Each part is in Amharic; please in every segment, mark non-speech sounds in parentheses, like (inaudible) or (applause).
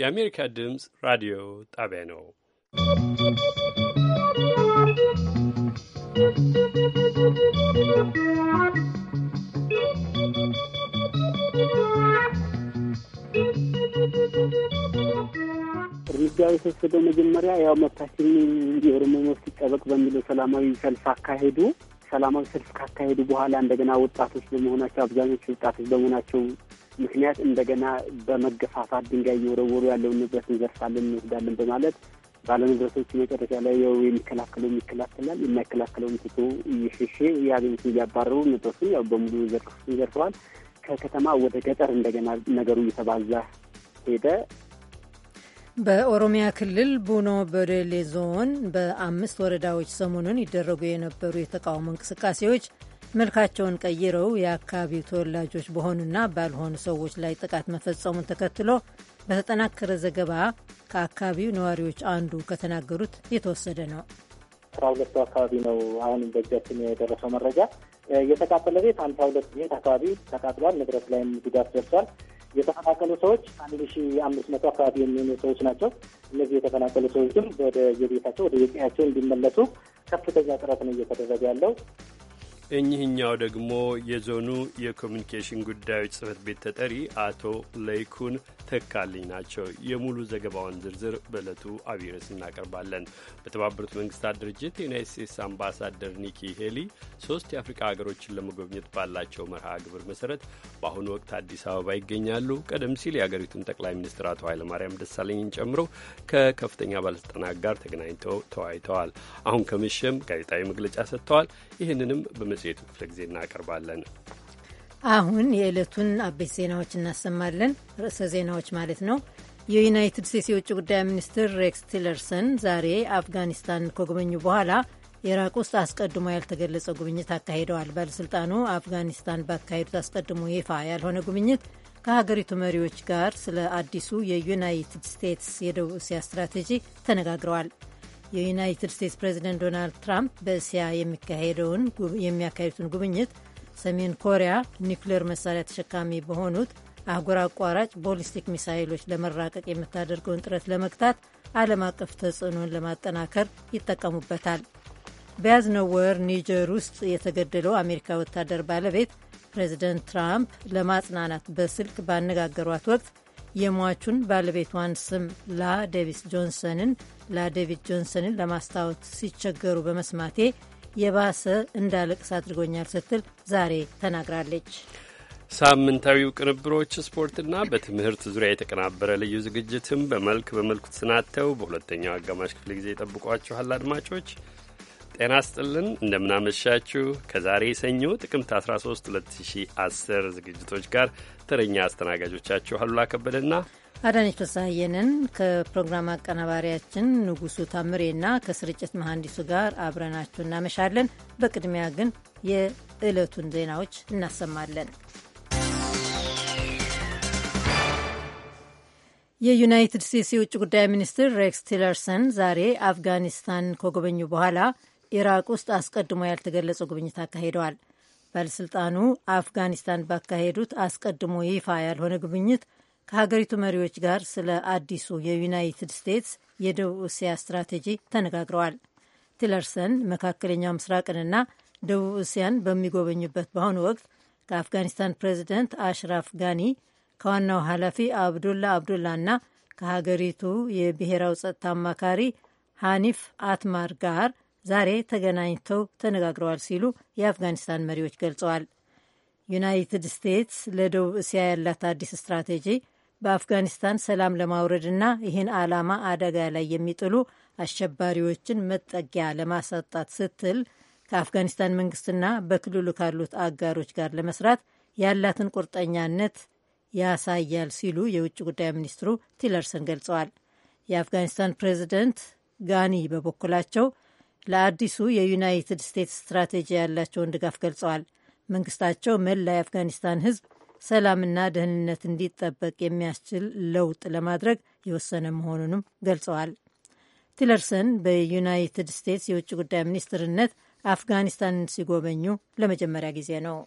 የአሜሪካ ድምፅ ራዲዮ ጣቢያ ነው። እርምጃ የተወሰደው መጀመሪያ ያው መብታችን የኦሮሞ መብት ይጠበቅ በሚለው ሰላማዊ ሰልፍ አካሄዱ። ሰላማዊ ሰልፍ ካካሄዱ በኋላ እንደገና ወጣቶች በመሆናቸው አብዛኞቹ ወጣቶች በመሆናቸው ምክንያት እንደገና በመገፋፋት ድንጋይ እየወረወሩ ያለውን ንብረት እንዘርፋለን፣ እንወስዳለን በማለት ባለንብረቶች መጨረሻ ላይ ያው የሚከላከለው ይከላከላል፣ የማይከላከለውን ትቶ እየሸሸ ያገኙትን እያባረሩ ንብረቱን ያው በሙሉ ዘርፈዋል። ከከተማ ወደ ገጠር እንደገና ነገሩ እየተባዛ ሄደ። በኦሮሚያ ክልል ቡኖ በደሌ ዞን በአምስት ወረዳዎች ሰሞኑን ይደረጉ የነበሩ የተቃውሞ እንቅስቃሴዎች መልካቸውን ቀይረው የአካባቢው ተወላጆች በሆኑና ባልሆኑ ሰዎች ላይ ጥቃት መፈጸሙን ተከትሎ በተጠናከረ ዘገባ ከአካባቢው ነዋሪዎች አንዱ ከተናገሩት የተወሰደ ነው። አስራ ሁለቱ አካባቢ ነው አሁን በእጃችን የደረሰው መረጃ። የተቃጠለ ቤት አምሳ ሁለት ቤት አካባቢ ተቃጥሏል። ንብረት ላይም ጉዳት ደርሷል። የተፈናቀሉ ሰዎች አንድ ሺ አምስት መቶ አካባቢ የሚሆኑ ሰዎች ናቸው። እነዚህ የተፈናቀሉ ሰዎችም ወደ የቤታቸው ወደ የቀያቸው እንዲመለሱ ከፍተኛ ጥረት ነው እየተደረገ ያለው። እኚህኛው ደግሞ የዞኑ የኮሚኒኬሽን ጉዳዮች ጽህፈት ቤት ተጠሪ አቶ ለይኩን ተካልኝ ናቸው። የሙሉ ዘገባውን ዝርዝር በዕለቱ አብይ እናቀርባለን። በተባበሩት መንግስታት ድርጅት የዩናይት ስቴትስ አምባሳደር ኒኪ ሄሊ ሶስት የአፍሪካ ሀገሮችን ለመጎብኘት ባላቸው መርሃ ግብር መሰረት በአሁኑ ወቅት አዲስ አበባ ይገኛሉ። ቀደም ሲል የአገሪቱን ጠቅላይ ሚኒስትር አቶ ኃይለማርያም ደሳለኝን ጨምሮ ከከፍተኛ ባለስልጣናት ጋር ተገናኝተው ተወያይተዋል። አሁን ከምሽም ጋዜጣዊ መግለጫ ሰጥተዋል። ይህንንም በመ በመጽሔቱ ክፍለ ጊዜ እናቀርባለን። አሁን የዕለቱን አበይት ዜናዎች እናሰማለን። ርዕሰ ዜናዎች ማለት ነው። የዩናይትድ ስቴትስ የውጭ ጉዳይ ሚኒስትር ሬክስ ቲለርሰን ዛሬ አፍጋኒስታን ከጎበኙ በኋላ ኢራቅ ውስጥ አስቀድሞ ያልተገለጸ ጉብኝት አካሂደዋል። ባለሥልጣኑ አፍጋኒስታን ባካሄዱት አስቀድሞ ይፋ ያልሆነ ጉብኝት ከሀገሪቱ መሪዎች ጋር ስለ አዲሱ የዩናይትድ ስቴትስ የደቡብ እስያ ስትራቴጂ ተነጋግረዋል። የዩናይትድ ስቴትስ ፕሬዚደንት ዶናልድ ትራምፕ በእስያ የሚካሄደውን የሚያካሄዱትን ጉብኝት ሰሜን ኮሪያ ኒውክሌር መሳሪያ ተሸካሚ በሆኑት አህጉር አቋራጭ ቦሊስቲክ ሚሳይሎች ለመራቀቅ የምታደርገውን ጥረት ለመግታት ዓለም አቀፍ ተጽዕኖን ለማጠናከር ይጠቀሙበታል። በያዝነው ወር ኒጀር ውስጥ የተገደለው አሜሪካ ወታደር ባለቤት ፕሬዚደንት ትራምፕ ለማጽናናት በስልክ ባነጋገሯት ወቅት የሟቹን ባለቤቷን ስም ላዴቪስ ጆንሰንን ላዴቪድ ጆንሰንን ለማስታወት ሲቸገሩ በመስማቴ የባሰ እንዳለቅስ አድርጎኛል ስትል ዛሬ ተናግራለች። ሳምንታዊው ቅንብሮች ስፖርትና በትምህርት ዙሪያ የተቀናበረ ልዩ ዝግጅትም በመልክ በመልኩ ተሰናድተው በሁለተኛው አጋማሽ ክፍለ ጊዜ ይጠብቋችኋል አድማጮች። ጤና ስጥልን እንደምናመሻችሁ። ከዛሬ ሰኞ ጥቅምት 13 2010 ዝግጅቶች ጋር ተረኛ አስተናጋጆቻችሁ አሉላ ከበደና አዳነች ተሳየንን ከፕሮግራም አቀናባሪያችን ንጉሱ ታምሬና ከስርጭት መሐንዲሱ ጋር አብረናችሁ እናመሻለን። በቅድሚያ ግን የዕለቱን ዜናዎች እናሰማለን። የዩናይትድ ስቴትስ የውጭ ጉዳይ ሚኒስትር ሬክስ ቲለርሰን ዛሬ አፍጋኒስታን ከጎበኙ በኋላ ኢራቅ ውስጥ አስቀድሞ ያልተገለጸ ጉብኝት አካሂደዋል። ባለሥልጣኑ አፍጋኒስታን ባካሄዱት አስቀድሞ ይፋ ያልሆነ ጉብኝት ከሀገሪቱ መሪዎች ጋር ስለ አዲሱ የዩናይትድ ስቴትስ የደቡብ እስያ ስትራቴጂ ተነጋግረዋል። ቲለርሰን መካከለኛው ምስራቅንና ደቡብ እስያን በሚጎበኙበት በአሁኑ ወቅት ከአፍጋኒስታን ፕሬዚደንት አሽራፍ ጋኒ ከዋናው ኃላፊ አብዱላ አብዱላ እና ከሀገሪቱ የብሔራዊ ጸጥታ አማካሪ ሃኒፍ አትማር ጋር ዛሬ ተገናኝተው ተነጋግረዋል ሲሉ የአፍጋኒስታን መሪዎች ገልጸዋል። ዩናይትድ ስቴትስ ለደቡብ እስያ ያላት አዲስ ስትራቴጂ በአፍጋኒስታን ሰላም ለማውረድና ይህን ዓላማ አደጋ ላይ የሚጥሉ አሸባሪዎችን መጠጊያ ለማሳጣት ስትል ከአፍጋኒስታን መንግስትና በክልሉ ካሉት አጋሮች ጋር ለመስራት ያላትን ቁርጠኛነት ያሳያል ሲሉ የውጭ ጉዳይ ሚኒስትሩ ቲለርሰን ገልጸዋል። የአፍጋኒስታን ፕሬዚደንት ጋኒ በበኩላቸው ለአዲሱ የዩናይትድ ስቴትስ ስትራቴጂ ያላቸውን ድጋፍ ገልጸዋል። መንግስታቸው መላ የአፍጋኒስታን ህዝብ ሰላምና ደህንነት እንዲጠበቅ የሚያስችል ለውጥ ለማድረግ የወሰነ መሆኑንም ገልጸዋል። ቲለርሰን በዩናይትድ ስቴትስ የውጭ ጉዳይ ሚኒስትርነት አፍጋኒስታንን ሲጎበኙ ለመጀመሪያ ጊዜ ነው።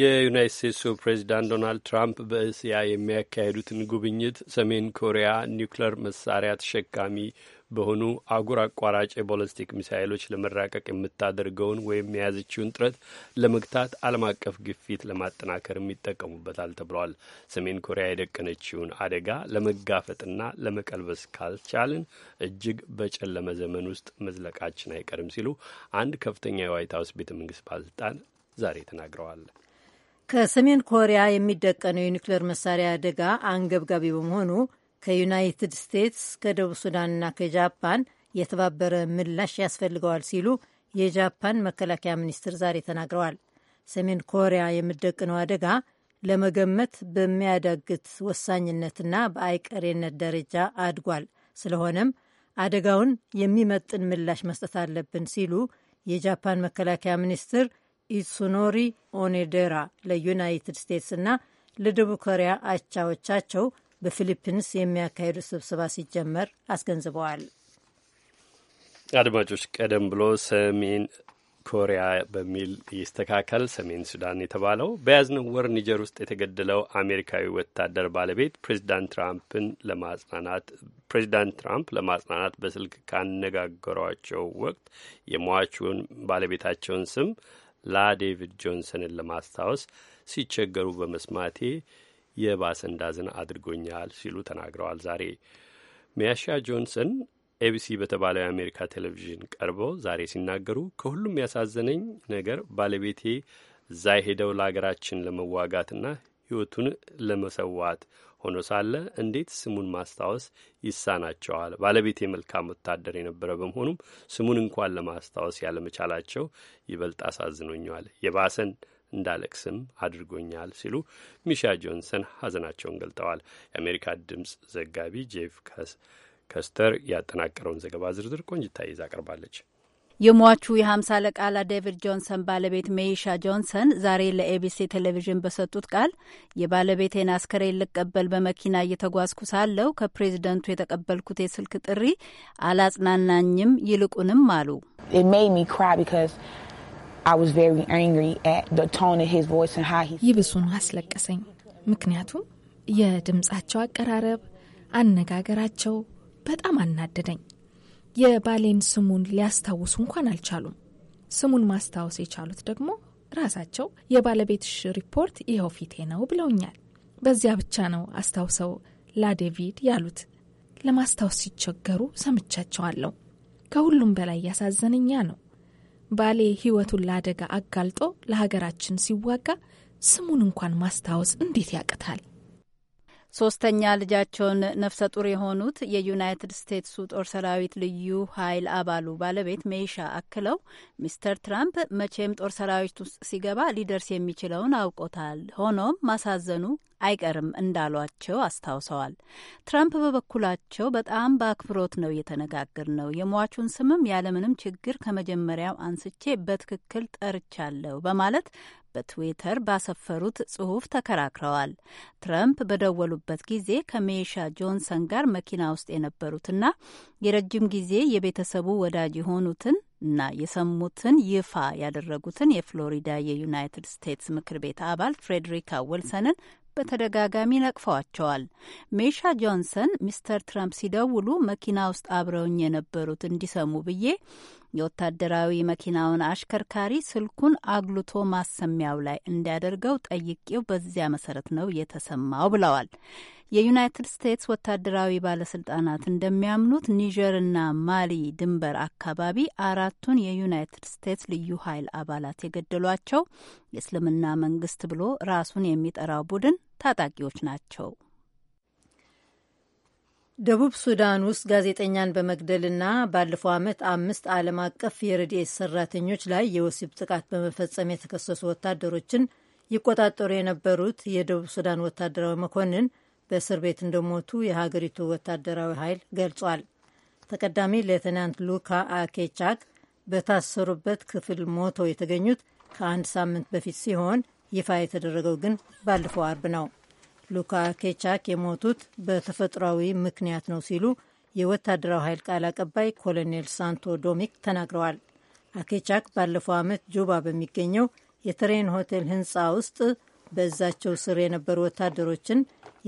የዩናይት ስቴትሱ ፕሬዚዳንት ዶናልድ ትራምፕ በእስያ የሚያካሄዱትን ጉብኝት ሰሜን ኮሪያ ኒውክለር መሳሪያ ተሸካሚ በሆኑ አጉር አቋራጭ የቦለስቲክ ሚሳይሎች ለመራቀቅ የምታደርገውን ወይም የያዘችውን ጥረት ለመግታት ዓለም አቀፍ ግፊት ለማጠናከርም ይጠቀሙበታል ተብሏል። ሰሜን ኮሪያ የደቀነችውን አደጋ ለመጋፈጥና ለመቀልበስ ካልቻልን እጅግ በጨለመ ዘመን ውስጥ መዝለቃችን አይቀርም ሲሉ አንድ ከፍተኛ የዋይት ሀውስ ቤተ መንግስት ባለስልጣን ዛሬ ተናግረዋል። ከሰሜን ኮሪያ የሚደቀነው የኒውክሌር መሳሪያ አደጋ አንገብጋቢ በመሆኑ ከዩናይትድ ስቴትስ ከደቡብ ሱዳንና ከጃፓን የተባበረ ምላሽ ያስፈልገዋል ሲሉ የጃፓን መከላከያ ሚኒስትር ዛሬ ተናግረዋል። ሰሜን ኮሪያ የምደቅነው አደጋ ለመገመት በሚያዳግት ወሳኝነትና በአይቀሬነት ደረጃ አድጓል። ስለሆነም አደጋውን የሚመጥን ምላሽ መስጠት አለብን ሲሉ የጃፓን መከላከያ ሚኒስትር ኢትሱኖሪ ኦኔዴራ ለዩናይትድ ስቴትስ ና ለደቡብ ኮሪያ አቻዎቻቸው በፊሊፒንስ የሚያካሂዱት ስብሰባ ሲጀመር አስገንዝበዋል። አድማጮች፣ ቀደም ብሎ ሰሜን ኮሪያ በሚል ይስተካከል ሰሜን ሱዳን የተባለው በያዝነው ወር ኒጀር ውስጥ የተገደለው አሜሪካዊ ወታደር ባለቤት ፕሬዚዳንት ትራምፕን ለማጽናናት ፕሬዚዳንት ትራምፕ ለማጽናናት በስልክ ካነጋገሯቸው ወቅት የሟቹን ባለቤታቸውን ስም ላ ዴቪድ ጆንሰንን ለማስታወስ ሲቸገሩ በመስማቴ የባሰ እንዳዝን አድርጎኛል ሲሉ ተናግረዋል። ዛሬ ሚያሻ ጆንሰን ኤቢሲ በተባለው የአሜሪካ ቴሌቪዥን ቀርበው ዛሬ ሲናገሩ ከሁሉም ያሳዘነኝ ነገር ባለቤቴ እዛ ሄደው ለሀገራችን ለመዋጋትና ሕይወቱን ለመሰዋት ሆኖ ሳለ እንዴት ስሙን ማስታወስ ይሳናቸዋል? ባለቤቴ መልካም ወታደር የነበረ በመሆኑም ስሙን እንኳን ለማስታወስ ያለመቻላቸው ይበልጥ አሳዝኖኛል። የባሰን እንዳለቅስም አድርጎኛል ሲሉ ሚሻ ጆንሰን ሀዘናቸውን ገልጠዋል። የአሜሪካ ድምፅ ዘጋቢ ጄፍ ከስተር ያጠናቀረውን ዘገባ ዝርዝር ቆንጅታ ይዛ አቅርባለች። የሟቹ የሀምሳ ለቃላ ዴቪድ ጆንሰን ባለቤት ሜይሻ ጆንሰን ዛሬ ለኤቢሲ ቴሌቪዥን በሰጡት ቃል የባለቤቴን አስከሬን ልቀበል በመኪና እየተጓዝኩ ሳለው ከፕሬዝደንቱ የተቀበልኩት የስልክ ጥሪ አላጽናናኝም። ይልቁንም አሉ ይብሱን አስለቀሰኝ። ምክንያቱም የድምፃቸው አቀራረብ፣ አነጋገራቸው በጣም አናደደኝ። የባሌን ስሙን ሊያስታውሱ እንኳን አልቻሉም። ስሙን ማስታወስ የቻሉት ደግሞ ራሳቸው የባለቤትሽ ሪፖርት ይኸው ፊቴ ነው ብለውኛል። በዚያ ብቻ ነው አስታውሰው ላዴቪድ ያሉት። ለማስታወስ ሲቸገሩ ሰምቻቸዋለሁ። ከሁሉም በላይ ያሳዘነኛ ነው ባሌ ህይወቱን ለአደጋ አጋልጦ ለሀገራችን ሲዋጋ ስሙን እንኳን ማስታወስ እንዴት ያቅታል? ሶስተኛ ልጃቸውን ነፍሰ ጡር የሆኑት የዩናይትድ ስቴትሱ ጦር ሰራዊት ልዩ ኃይል አባሉ ባለቤት ሜይሻ አክለው ሚስተር ትራምፕ መቼም ጦር ሰራዊት ውስጥ ሲገባ ሊደርስ የሚችለውን አውቆታል። ሆኖም ማሳዘኑ አይቀርም እንዳሏቸው አስታውሰዋል። ትራምፕ በበኩላቸው በጣም በአክብሮት ነው እየተነጋገር ነው የሟቹን ስምም ያለምንም ችግር ከመጀመሪያው አንስቼ በትክክል ጠርቻለሁ በማለት በትዊተር ባሰፈሩት ጽሁፍ ተከራክረዋል። ትረምፕ በደወሉበት ጊዜ ከሜሻ ጆንሰን ጋር መኪና ውስጥ የነበሩትና የረጅም ጊዜ የቤተሰቡ ወዳጅ የሆኑትን እና የሰሙትን ይፋ ያደረጉትን የፍሎሪዳ የዩናይትድ ስቴትስ ምክር ቤት አባል ፍሬድሪካ ዊልሰንን በተደጋጋሚ ነቅፈዋቸዋል። ሜሻ ጆንሰን ሚስተር ትራምፕ ሲደውሉ መኪና ውስጥ አብረውኝ የነበሩት እንዲሰሙ ብዬ የወታደራዊ መኪናውን አሽከርካሪ ስልኩን አግልቶ ማሰሚያው ላይ እንዲያደርገው ጠይቄው በዚያ መሰረት ነው የተሰማው ብለዋል። የዩናይትድ ስቴትስ ወታደራዊ ባለስልጣናት እንደሚያምኑት ኒጀርና ማሊ ድንበር አካባቢ አራቱን የዩናይትድ ስቴትስ ልዩ ኃይል አባላት የገደሏቸው የእስልምና መንግስት ብሎ ራሱን የሚጠራው ቡድን ታጣቂዎች ናቸው። ደቡብ ሱዳን ውስጥ ጋዜጠኛን በመግደልና ባለፈው ዓመት አምስት ዓለም አቀፍ የረድኤት ሰራተኞች ላይ የወሲብ ጥቃት በመፈጸም የተከሰሱ ወታደሮችን ይቆጣጠሩ የነበሩት የደቡብ ሱዳን ወታደራዊ መኮንን በእስር ቤት እንደሞቱ የሀገሪቱ ወታደራዊ ኃይል ገልጿል። ተቀዳሚ ሌተናንት ሉካ አኬቻክ በታሰሩበት ክፍል ሞተው የተገኙት ከአንድ ሳምንት በፊት ሲሆን ይፋ የተደረገው ግን ባለፈው አርብ ነው። ሉካ አኬቻክ የሞቱት በተፈጥሯዊ ምክንያት ነው ሲሉ የወታደራዊ ኃይል ቃል አቀባይ ኮሎኔል ሳንቶ ዶሚክ ተናግረዋል። አኬቻክ ባለፈው ዓመት ጁባ በሚገኘው የትሬን ሆቴል ህንፃ ውስጥ በእዛቸው ስር የነበሩ ወታደሮችን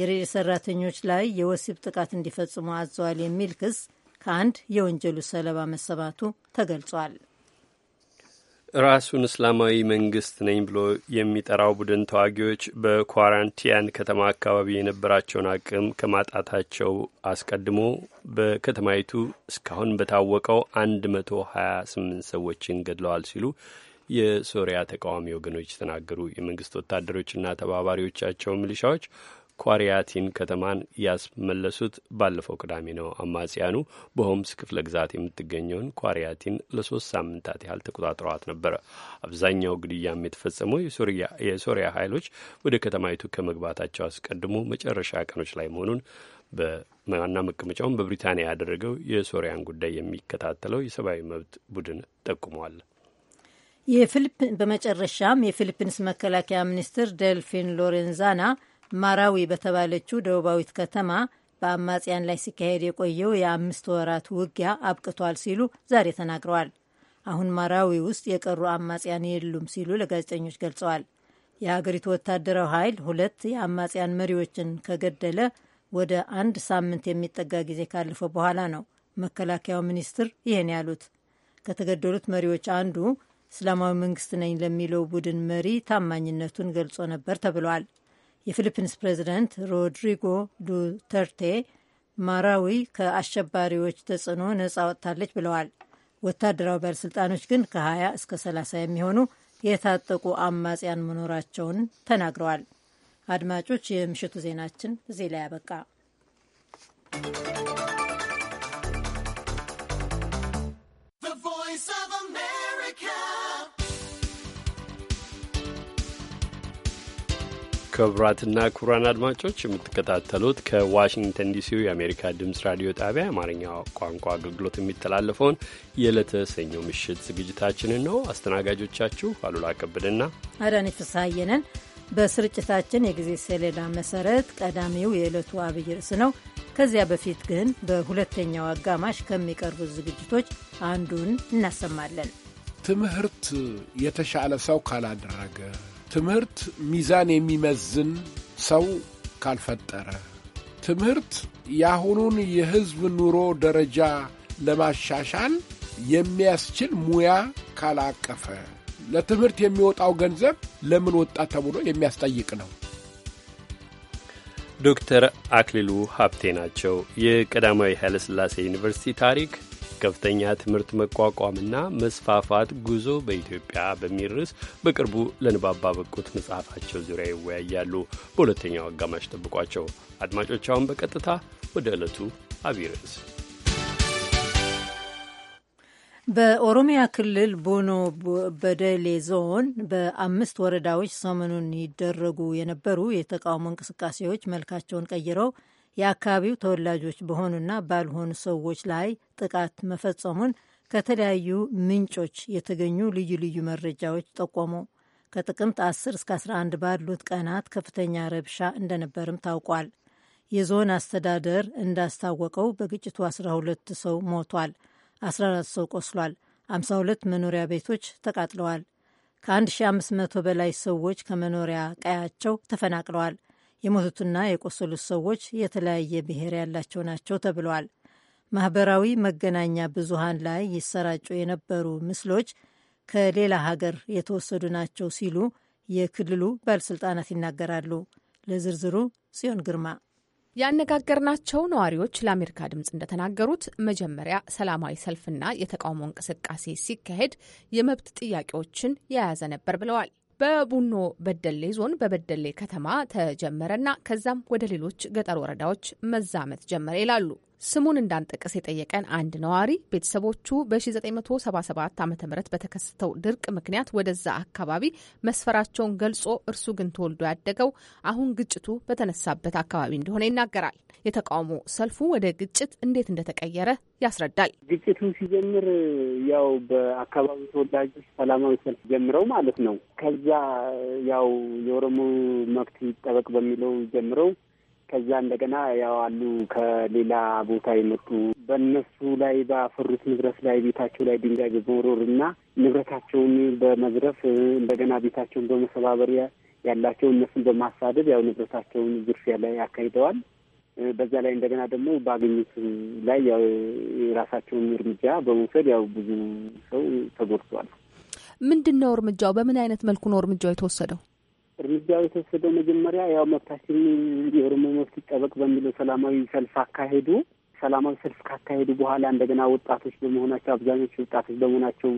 የሬዲዮ ሰራተኞች ላይ የወሲብ ጥቃት እንዲፈጽሙ አዘዋል የሚል ክስ ከአንድ የወንጀሉ ሰለባ መሰባቱ ተገልጿል። ራሱን እስላማዊ መንግስት ነኝ ብሎ የሚጠራው ቡድን ተዋጊዎች በኳራንቲያን ከተማ አካባቢ የነበራቸውን አቅም ከማጣታቸው አስቀድሞ በከተማይቱ እስካሁን በታወቀው 128 ሰዎችን ገድለዋል ሲሉ የሶሪያ ተቃዋሚ ወገኖች ተናገሩ። የመንግስት ወታደሮችና ተባባሪዎቻቸው ሚሊሻዎች ኳሪያቲን ከተማን ያስመለሱት ባለፈው ቅዳሜ ነው። አማጽያኑ በሆምስ ክፍለ ግዛት የምትገኘውን ኳሪያቲን ለሶስት ሳምንታት ያህል ተቆጣጥረዋት ነበረ። አብዛኛው ግድያም የተፈጸመው የሶሪያ ኃይሎች ወደ ከተማይቱ ከመግባታቸው አስቀድሞ መጨረሻ ቀኖች ላይ መሆኑን በዋና መቀመጫውን በብሪታንያ ያደረገው የሶሪያን ጉዳይ የሚከታተለው የሰብአዊ መብት ቡድን ጠቁሟል። በመጨረሻም የፊሊፒንስ መከላከያ ሚኒስትር ዴልፊን ሎሬንዛና ማራዊ በተባለችው ደቡባዊት ከተማ በአማጽያን ላይ ሲካሄድ የቆየው የአምስት ወራት ውጊያ አብቅቷል ሲሉ ዛሬ ተናግረዋል። አሁን ማራዊ ውስጥ የቀሩ አማጽያን የሉም ሲሉ ለጋዜጠኞች ገልጸዋል። የሀገሪቱ ወታደራዊ ኃይል ሁለት የአማጽያን መሪዎችን ከገደለ ወደ አንድ ሳምንት የሚጠጋ ጊዜ ካለፈ በኋላ ነው መከላከያው ሚኒስትር ይህን ያሉት። ከተገደሉት መሪዎች አንዱ እስላማዊ መንግስት ነኝ ለሚለው ቡድን መሪ ታማኝነቱን ገልጾ ነበር ተብሏል። የፊሊፒንስ ፕሬዚደንት ሮድሪጎ ዱተርቴ ማራዊ ከአሸባሪዎች ተጽዕኖ ነጻ ወጥታለች ብለዋል። ወታደራዊ ባለሥልጣኖች ግን ከ20 እስከ 30 የሚሆኑ የታጠቁ አማጽያን መኖራቸውን ተናግረዋል። አድማጮች፣ የምሽቱ ዜናችን እዚህ ላይ you. ክቡራትና ክቡራን አድማጮች የምትከታተሉት ከዋሽንግተን ዲሲው የአሜሪካ ድምፅ ራዲዮ ጣቢያ የአማርኛ ቋንቋ አገልግሎት የሚተላለፈውን የዕለተ ሰኞ ምሽት ዝግጅታችንን ነው። አስተናጋጆቻችሁ አሉላ ከበደና አዳነች ፍስሐዬ ነን። በስርጭታችን የጊዜ ሰሌዳ መሰረት ቀዳሚው የዕለቱ አብይ ርዕስ ነው። ከዚያ በፊት ግን በሁለተኛው አጋማሽ ከሚቀርቡት ዝግጅቶች አንዱን እናሰማለን። ትምህርት የተሻለ ሰው ካላደረገ ትምህርት ሚዛን የሚመዝን ሰው ካልፈጠረ፣ ትምህርት የአሁኑን የሕዝብ ኑሮ ደረጃ ለማሻሻል የሚያስችል ሙያ ካላቀፈ፣ ለትምህርት የሚወጣው ገንዘብ ለምን ወጣ ተብሎ የሚያስጠይቅ ነው። ዶክተር አክሊሉ ሀብቴ ናቸው። የቀዳማዊ ኃይለሥላሴ ዩኒቨርሲቲ ታሪክ ከፍተኛ ትምህርት መቋቋምና መስፋፋት ጉዞ በኢትዮጵያ በሚል ርዕስ በቅርቡ ለንባብ ባበቁት መጽሐፋቸው ዙሪያ ይወያያሉ። በሁለተኛው አጋማሽ ጠብቋቸው አድማጮች። አሁን በቀጥታ ወደ ዕለቱ አብይ ርዕስ በኦሮሚያ ክልል ቦኖ በደሌ ዞን በአምስት ወረዳዎች ሰሞኑን ይደረጉ የነበሩ የተቃውሞ እንቅስቃሴዎች መልካቸውን ቀይረው የአካባቢው ተወላጆች በሆኑና ባልሆኑ ሰዎች ላይ ጥቃት መፈጸሙን ከተለያዩ ምንጮች የተገኙ ልዩ ልዩ መረጃዎች ጠቆሙ። ከጥቅምት 10 እስከ 11 ባሉት ቀናት ከፍተኛ ረብሻ እንደነበርም ታውቋል። የዞን አስተዳደር እንዳስታወቀው በግጭቱ 12 ሰው ሞቷል፣ 14 ሰው ቆስሏል፣ 52 መኖሪያ ቤቶች ተቃጥለዋል፣ ከ1500 በላይ ሰዎች ከመኖሪያ ቀያቸው ተፈናቅለዋል። የሞቱትና የቆሰሉት ሰዎች የተለያየ ብሔር ያላቸው ናቸው ተብለዋል። ማህበራዊ መገናኛ ብዙሃን ላይ ይሰራጩ የነበሩ ምስሎች ከሌላ ሀገር የተወሰዱ ናቸው ሲሉ የክልሉ ባለሥልጣናት ይናገራሉ። ለዝርዝሩ ጽዮን ግርማ ያነጋገርናቸው ነዋሪዎች ለአሜሪካ ድምጽ እንደተናገሩት መጀመሪያ ሰላማዊ ሰልፍና የተቃውሞ እንቅስቃሴ ሲካሄድ የመብት ጥያቄዎችን የያዘ ነበር ብለዋል። በቡኖ በደሌ ዞን በበደሌ ከተማ ተጀመረና ከዛም ወደ ሌሎች ገጠር ወረዳዎች መዛመት ጀመረ ይላሉ። ስሙን እንዳንጠቀስ የጠየቀን አንድ ነዋሪ ቤተሰቦቹ በ1977 ዓ ም በተከሰተው ድርቅ ምክንያት ወደዛ አካባቢ መስፈራቸውን ገልጾ እርሱ ግን ተወልዶ ያደገው አሁን ግጭቱ በተነሳበት አካባቢ እንደሆነ ይናገራል። የተቃውሞ ሰልፉ ወደ ግጭት እንዴት እንደተቀየረ ያስረዳል። ግጭቱ ሲጀምር ያው በአካባቢው ተወላጆች ሰላማዊ ሰልፍ ጀምረው ማለት ነው። ከዛ ያው የኦሮሞ መብት ይጠበቅ በሚለው ጀምረው ከዛ እንደገና ያው አሉ ከሌላ ቦታ የመጡ በእነሱ ላይ ባፈሩት ንብረት ላይ ቤታቸው ላይ ድንጋይ በመወርወር እና ንብረታቸውን በመዝረፍ እንደገና ቤታቸውን በመሰባበር ያላቸው እነሱን በማሳደድ ያው ንብረታቸውን ዝርፊያ ላይ ያካሂደዋል። በዛ ላይ እንደገና ደግሞ ባገኙት ላይ ያው የራሳቸውን እርምጃ በመውሰድ ያው ብዙ ሰው ተጎድቷል። ምንድን ነው እርምጃው? በምን አይነት መልኩ ነው እርምጃው የተወሰደው? እርምጃው የተወሰደው መጀመሪያ ያው መብታችን የኦሮሞ መብት ይጠበቅ በሚለው ሰላማዊ ሰልፍ አካሄዱ። ሰላማዊ ሰልፍ ካካሄዱ በኋላ እንደገና ወጣቶች በመሆናቸው አብዛኞቹ ወጣቶች በመሆናቸው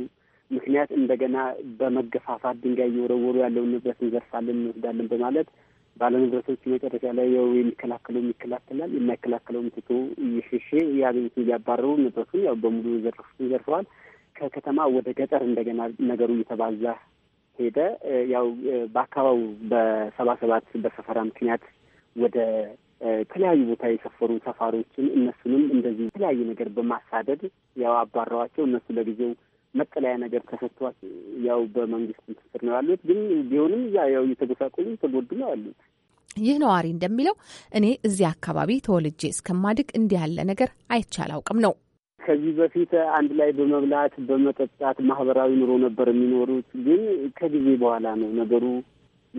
ምክንያት እንደገና በመገፋፋት ድንጋይ እየወረወሩ ያለውን ንብረት እንዘርፋለን፣ እንወስዳለን በማለት ባለንብረቶች መጨረሻ ላይ ያው የሚከላከለው ይከላከላል፣ የማይከላከለውም ትቶ እየሸሼ ያገኙትን እያባረሩ ንብረቱን ያው በሙሉ ዘርፍ ዘርፈዋል። ከከተማ ወደ ገጠር እንደገና ነገሩ እየተባዛ ሄደ። ያው በአካባቢው በሰባ ሰባት በሰፈራ ምክንያት ወደ የተለያዩ ቦታ የሰፈሩ ሰፋሪዎችን እነሱንም እንደዚህ የተለያየ ነገር በማሳደድ ያው አባረዋቸው። እነሱ ለጊዜው መጠለያ ነገር ተሰጥቷቸው ያው በመንግስት እንትን ነው ያሉት። ግን ቢሆንም ያው እየተጎሳቆሉ ተጎዱ ነው ያሉት። ይህ ነዋሪ እንደሚለው እኔ እዚህ አካባቢ ተወልጄ እስከማድግ እንዲህ ያለ ነገር አይቻል አውቅም ነው ከዚህ በፊት አንድ ላይ በመብላት በመጠጣት ማህበራዊ ኑሮ ነበር የሚኖሩት። ግን ከጊዜ በኋላ ነው ነገሩ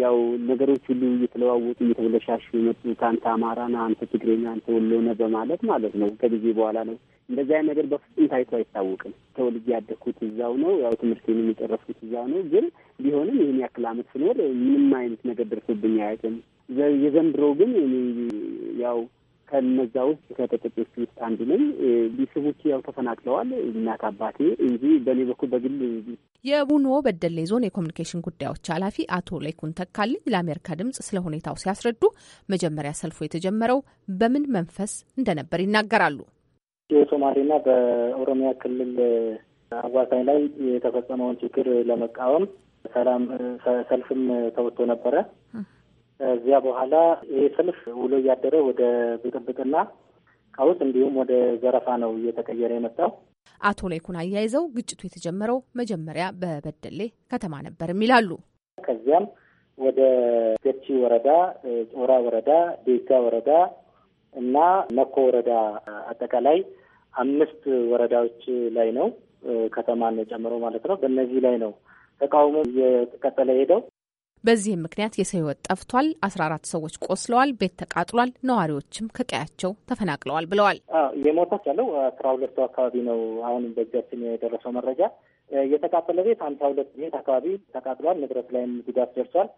ያው ነገሮች ሁሉ እየተለዋወጡ እየተበለሻሹ የመጡት አንተ አማራ ነህ፣ አንተ ትግሬና አንተ ወሎነ በማለት ማለት ነው። ከጊዜ በኋላ ነው እንደዚህ አይነት ነገር በፍጹም ታይቶ አይታወቅም። ተወልጄ ያደግኩት እዛው ነው፣ ያው ትምህርቴን የጨረስኩት እዛው ነው። ግን ቢሆንም ይህን ያክል አመት ስኖር ምንም አይነት ነገር ደርሶብኝ አያውቅም። የዘንድሮ ግን ያው ከነዛ ውስጥ ከተጠቂዎች ውስጥ አንዱ ነኝ። ቤተሰቦቼ ያው ተፈናቅለዋል እናት አባቴ እንጂ በእኔ በኩል በግል የቡኖ በደሌ ዞን የኮሚኒኬሽን ጉዳዮች ኃላፊ አቶ ላይኩን ተካልኝ ለአሜሪካ ድምጽ ስለ ሁኔታው ሲያስረዱ መጀመሪያ ሰልፉ የተጀመረው በምን መንፈስ እንደነበር ይናገራሉ። የሶማሌና በኦሮሚያ ክልል አዋሳኝ ላይ የተፈጸመውን ችግር ለመቃወም ሰላም ሰልፍም ተወጥቶ ነበረ። ከዚያ በኋላ ይሄ ሰልፍ ውሎ እያደረ ወደ ብጥብጥና ቀውስ እንዲሁም ወደ ዘረፋ ነው እየተቀየረ የመጣው። አቶ ላይኩን አያይዘው ግጭቱ የተጀመረው መጀመሪያ በበደሌ ከተማ ነበርም ይላሉ። ከዚያም ወደ ገቺ ወረዳ፣ ጮራ ወረዳ፣ ቤጋ ወረዳ እና መኮ ወረዳ አጠቃላይ አምስት ወረዳዎች ላይ ነው ከተማን ጨምሮ ማለት ነው። በእነዚህ ላይ ነው ተቃውሞ እየቀጠለ ሄደው በዚህም ምክንያት የሰው ሕይወት ጠፍቷል፣ አስራ አራት ሰዎች ቆስለዋል፣ ቤት ተቃጥሏል፣ ነዋሪዎችም ከቀያቸው ተፈናቅለዋል ብለዋል። የሞቶች ያለው አስራ ሁለቱ አካባቢ ነው። አሁንም በእጃችን የደረሰው መረጃ የተቃጠለ ቤት አምሳ ሁለት ቤት አካባቢ ተቃጥሏል፣ ንብረት ላይም ጉዳት ደርሷል።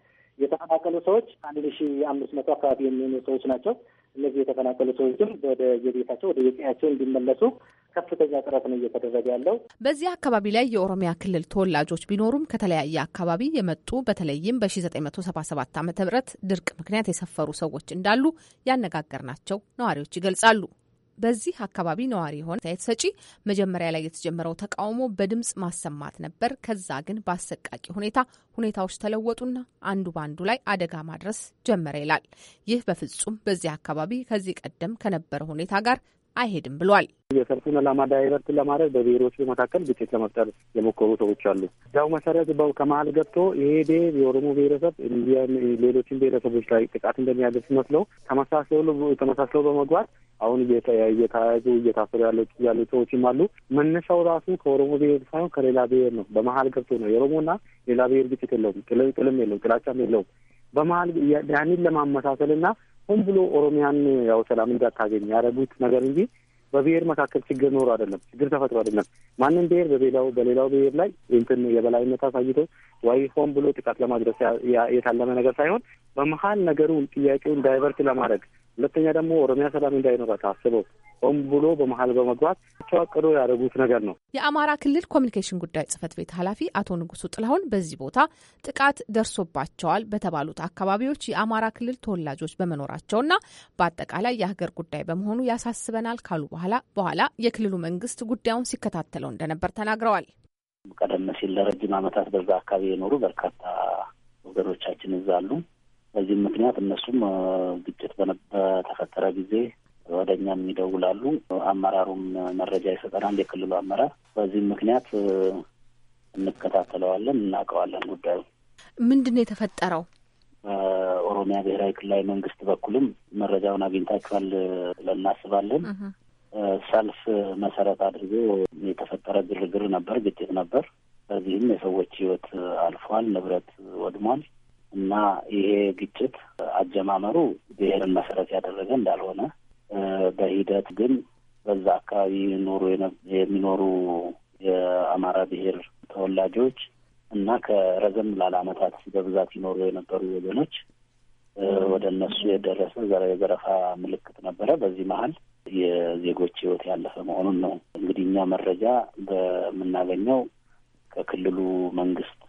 የተፈናቀሉ ሰዎች አንድ ሺ አምስት መቶ አካባቢ የሚሆኑ ሰዎች ናቸው። እነዚህ የተፈናቀሉ ሰዎችም ወደ የቤታቸው ወደ የቀያቸው እንዲመለሱ ከፍተኛ ጥረት ነው እየተደረገ ያለው። በዚህ አካባቢ ላይ የኦሮሚያ ክልል ተወላጆች ቢኖሩም ከተለያየ አካባቢ የመጡ በተለይም በ1977 ዓ ም ድርቅ ምክንያት የሰፈሩ ሰዎች እንዳሉ ያነጋገርናቸው ነዋሪዎች ይገልጻሉ። በዚህ አካባቢ ነዋሪ የሆነ አስተያየት ሰጪ መጀመሪያ ላይ የተጀመረው ተቃውሞ በድምፅ ማሰማት ነበር። ከዛ ግን በአሰቃቂ ሁኔታ ሁኔታዎች ተለወጡና አንዱ በአንዱ ላይ አደጋ ማድረስ ጀመረ ይላል። ይህ በፍጹም በዚህ አካባቢ ከዚህ ቀደም ከነበረ ሁኔታ ጋር አይሄድም ብሏል። የሰልፉን ዓላማ ዳይቨርት ለማድረግ በብሔሮች መካከል ግጭት ለመፍጠር የሞከሩ ሰዎች አሉ። እዛው መሰረት ከመሀል ገብቶ ይሄ ብሔር የኦሮሞ ብሔረሰብ ሌሎችን ብሔረሰቦች ላይ ጥቃት እንደሚያደርስ መስለው ተመሳስለው በመግባት አሁን እየተያዙ እየታሰሩ ያሉ ሰዎችም አሉ። መነሻው ራሱ ከኦሮሞ ብሔር ሳይሆን ከሌላ ብሔር ነው። በመሀል ገብቶ ነው። የኦሮሞና ሌላ ብሔር ግጭት የለውም፣ ጥልም የለውም፣ ጥላቻም የለውም። በመሀል ያንን ለማመሳሰልና ሆን ብሎ ኦሮሚያን ያው ሰላም እንዳታገኝ ያደረጉት ነገር እንጂ በብሔር መካከል ችግር ኖሮ አይደለም። ችግር ተፈጥሮ አይደለም። ማንም ብሔር በሌላው በሌላው ብሔር ላይ እንትን የበላይነት አሳይቶ ወይ ሆን ብሎ ጥቃት ለማድረስ የታለመ ነገር ሳይሆን በመሀል ነገሩን ጥያቄውን ዳይቨርት ለማድረግ ሁለተኛ ደግሞ ኦሮሚያ ሰላም እንዳይኖራት አስበው ሆን ብሎ በመሀል በመግባት ተዋቅዶ ያደረጉት ነገር ነው። የአማራ ክልል ኮሚኒኬሽን ጉዳይ ጽህፈት ቤት ኃላፊ አቶ ንጉሱ ጥላሁን በዚህ ቦታ ጥቃት ደርሶባቸዋል በተባሉት አካባቢዎች የአማራ ክልል ተወላጆች በመኖራቸውና በአጠቃላይ የሀገር ጉዳይ በመሆኑ ያሳስበናል ካሉ በኋላ በኋላ የክልሉ መንግስት ጉዳዩን ሲከታተለው እንደነበር ተናግረዋል። ቀደም ሲል ለረጅም ዓመታት በዛ አካባቢ የኖሩ በርካታ ወገኖቻችን እዛ አሉ። በዚህም ምክንያት እነሱም ግጭት በተፈጠረ ጊዜ ወደ እኛም ይደውላሉ። አመራሩም መረጃ ይሰጠናል፣ የክልሉ አመራር። በዚህም ምክንያት እንከታተለዋለን፣ እናውቀዋለን ጉዳዩ ምንድን ነው የተፈጠረው። በኦሮሚያ ብሔራዊ ክልላዊ መንግስት በኩልም መረጃውን አግኝታችኋል ብለን እናስባለን። ሰልፍ መሰረት አድርጎ የተፈጠረ ግርግር ነበር፣ ግጭት ነበር። በዚህም የሰዎች ህይወት አልፏል፣ ንብረት ወድሟል። እና ይሄ ግጭት አጀማመሩ ብሔርን መሰረት ያደረገ እንዳልሆነ በሂደት ግን በዛ አካባቢ ኖሩ የሚኖሩ የአማራ ብሔር ተወላጆች እና ከረዘም ላለ ዓመታት በብዛት ይኖሩ የነበሩ ወገኖች ወደ እነሱ የደረሰ የዘረፋ ምልክት ነበረ። በዚህ መሀል የዜጎች ሕይወት ያለፈ መሆኑን ነው እንግዲህ እኛ መረጃ በምናገኘው ከክልሉ መንግስት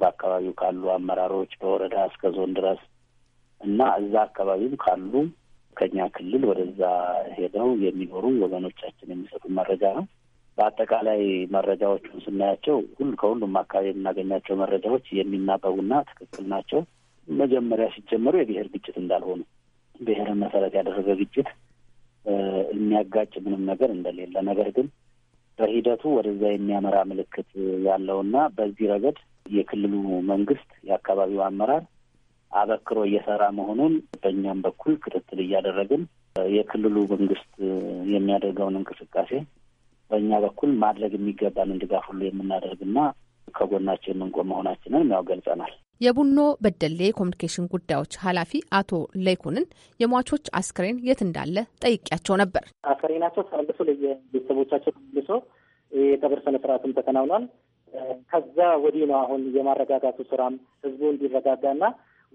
በአካባቢው ካሉ አመራሮች በወረዳ እስከ ዞን ድረስ እና እዛ አካባቢም ካሉ ከኛ ክልል ወደዛ ሄደው የሚኖሩ ወገኖቻችን የሚሰጡ መረጃ ነው። በአጠቃላይ መረጃዎቹን ስናያቸው ሁሉ ከሁሉም አካባቢ የምናገኛቸው መረጃዎች የሚናበቡና ትክክል ናቸው። መጀመሪያ ሲጀመሩ የብሔር ግጭት እንዳልሆኑ ብሔርን መሰረት ያደረገ ግጭት የሚያጋጭ ምንም ነገር እንደሌለ ነገር ግን በሂደቱ ወደዛ የሚያመራ ምልክት ያለውና በዚህ ረገድ የክልሉ መንግስት የአካባቢው አመራር አበክሮ እየሰራ መሆኑን በእኛም በኩል ክትትል እያደረግን የክልሉ መንግስት የሚያደርገውን እንቅስቃሴ በእኛ በኩል ማድረግ የሚገባንን ድጋፍ ሁሉ የምናደርግና ከጎናቸው የምንቆም መሆናችንን ያው ገልጸናል። የቡኖ በደሌ የኮሚኒኬሽን ጉዳዮች ኃላፊ አቶ ለይኩንን የሟቾች አስክሬን የት እንዳለ ጠይቂያቸው ነበር። አስክሬናቸው ተመልሶ ለየቤተሰቦቻቸው ተመልሶ የቀብር ስነ ተከናውኗል። ከዛ ወዲህ ነው አሁን የማረጋጋቱ ስራም ህዝቡ እንዲረጋጋና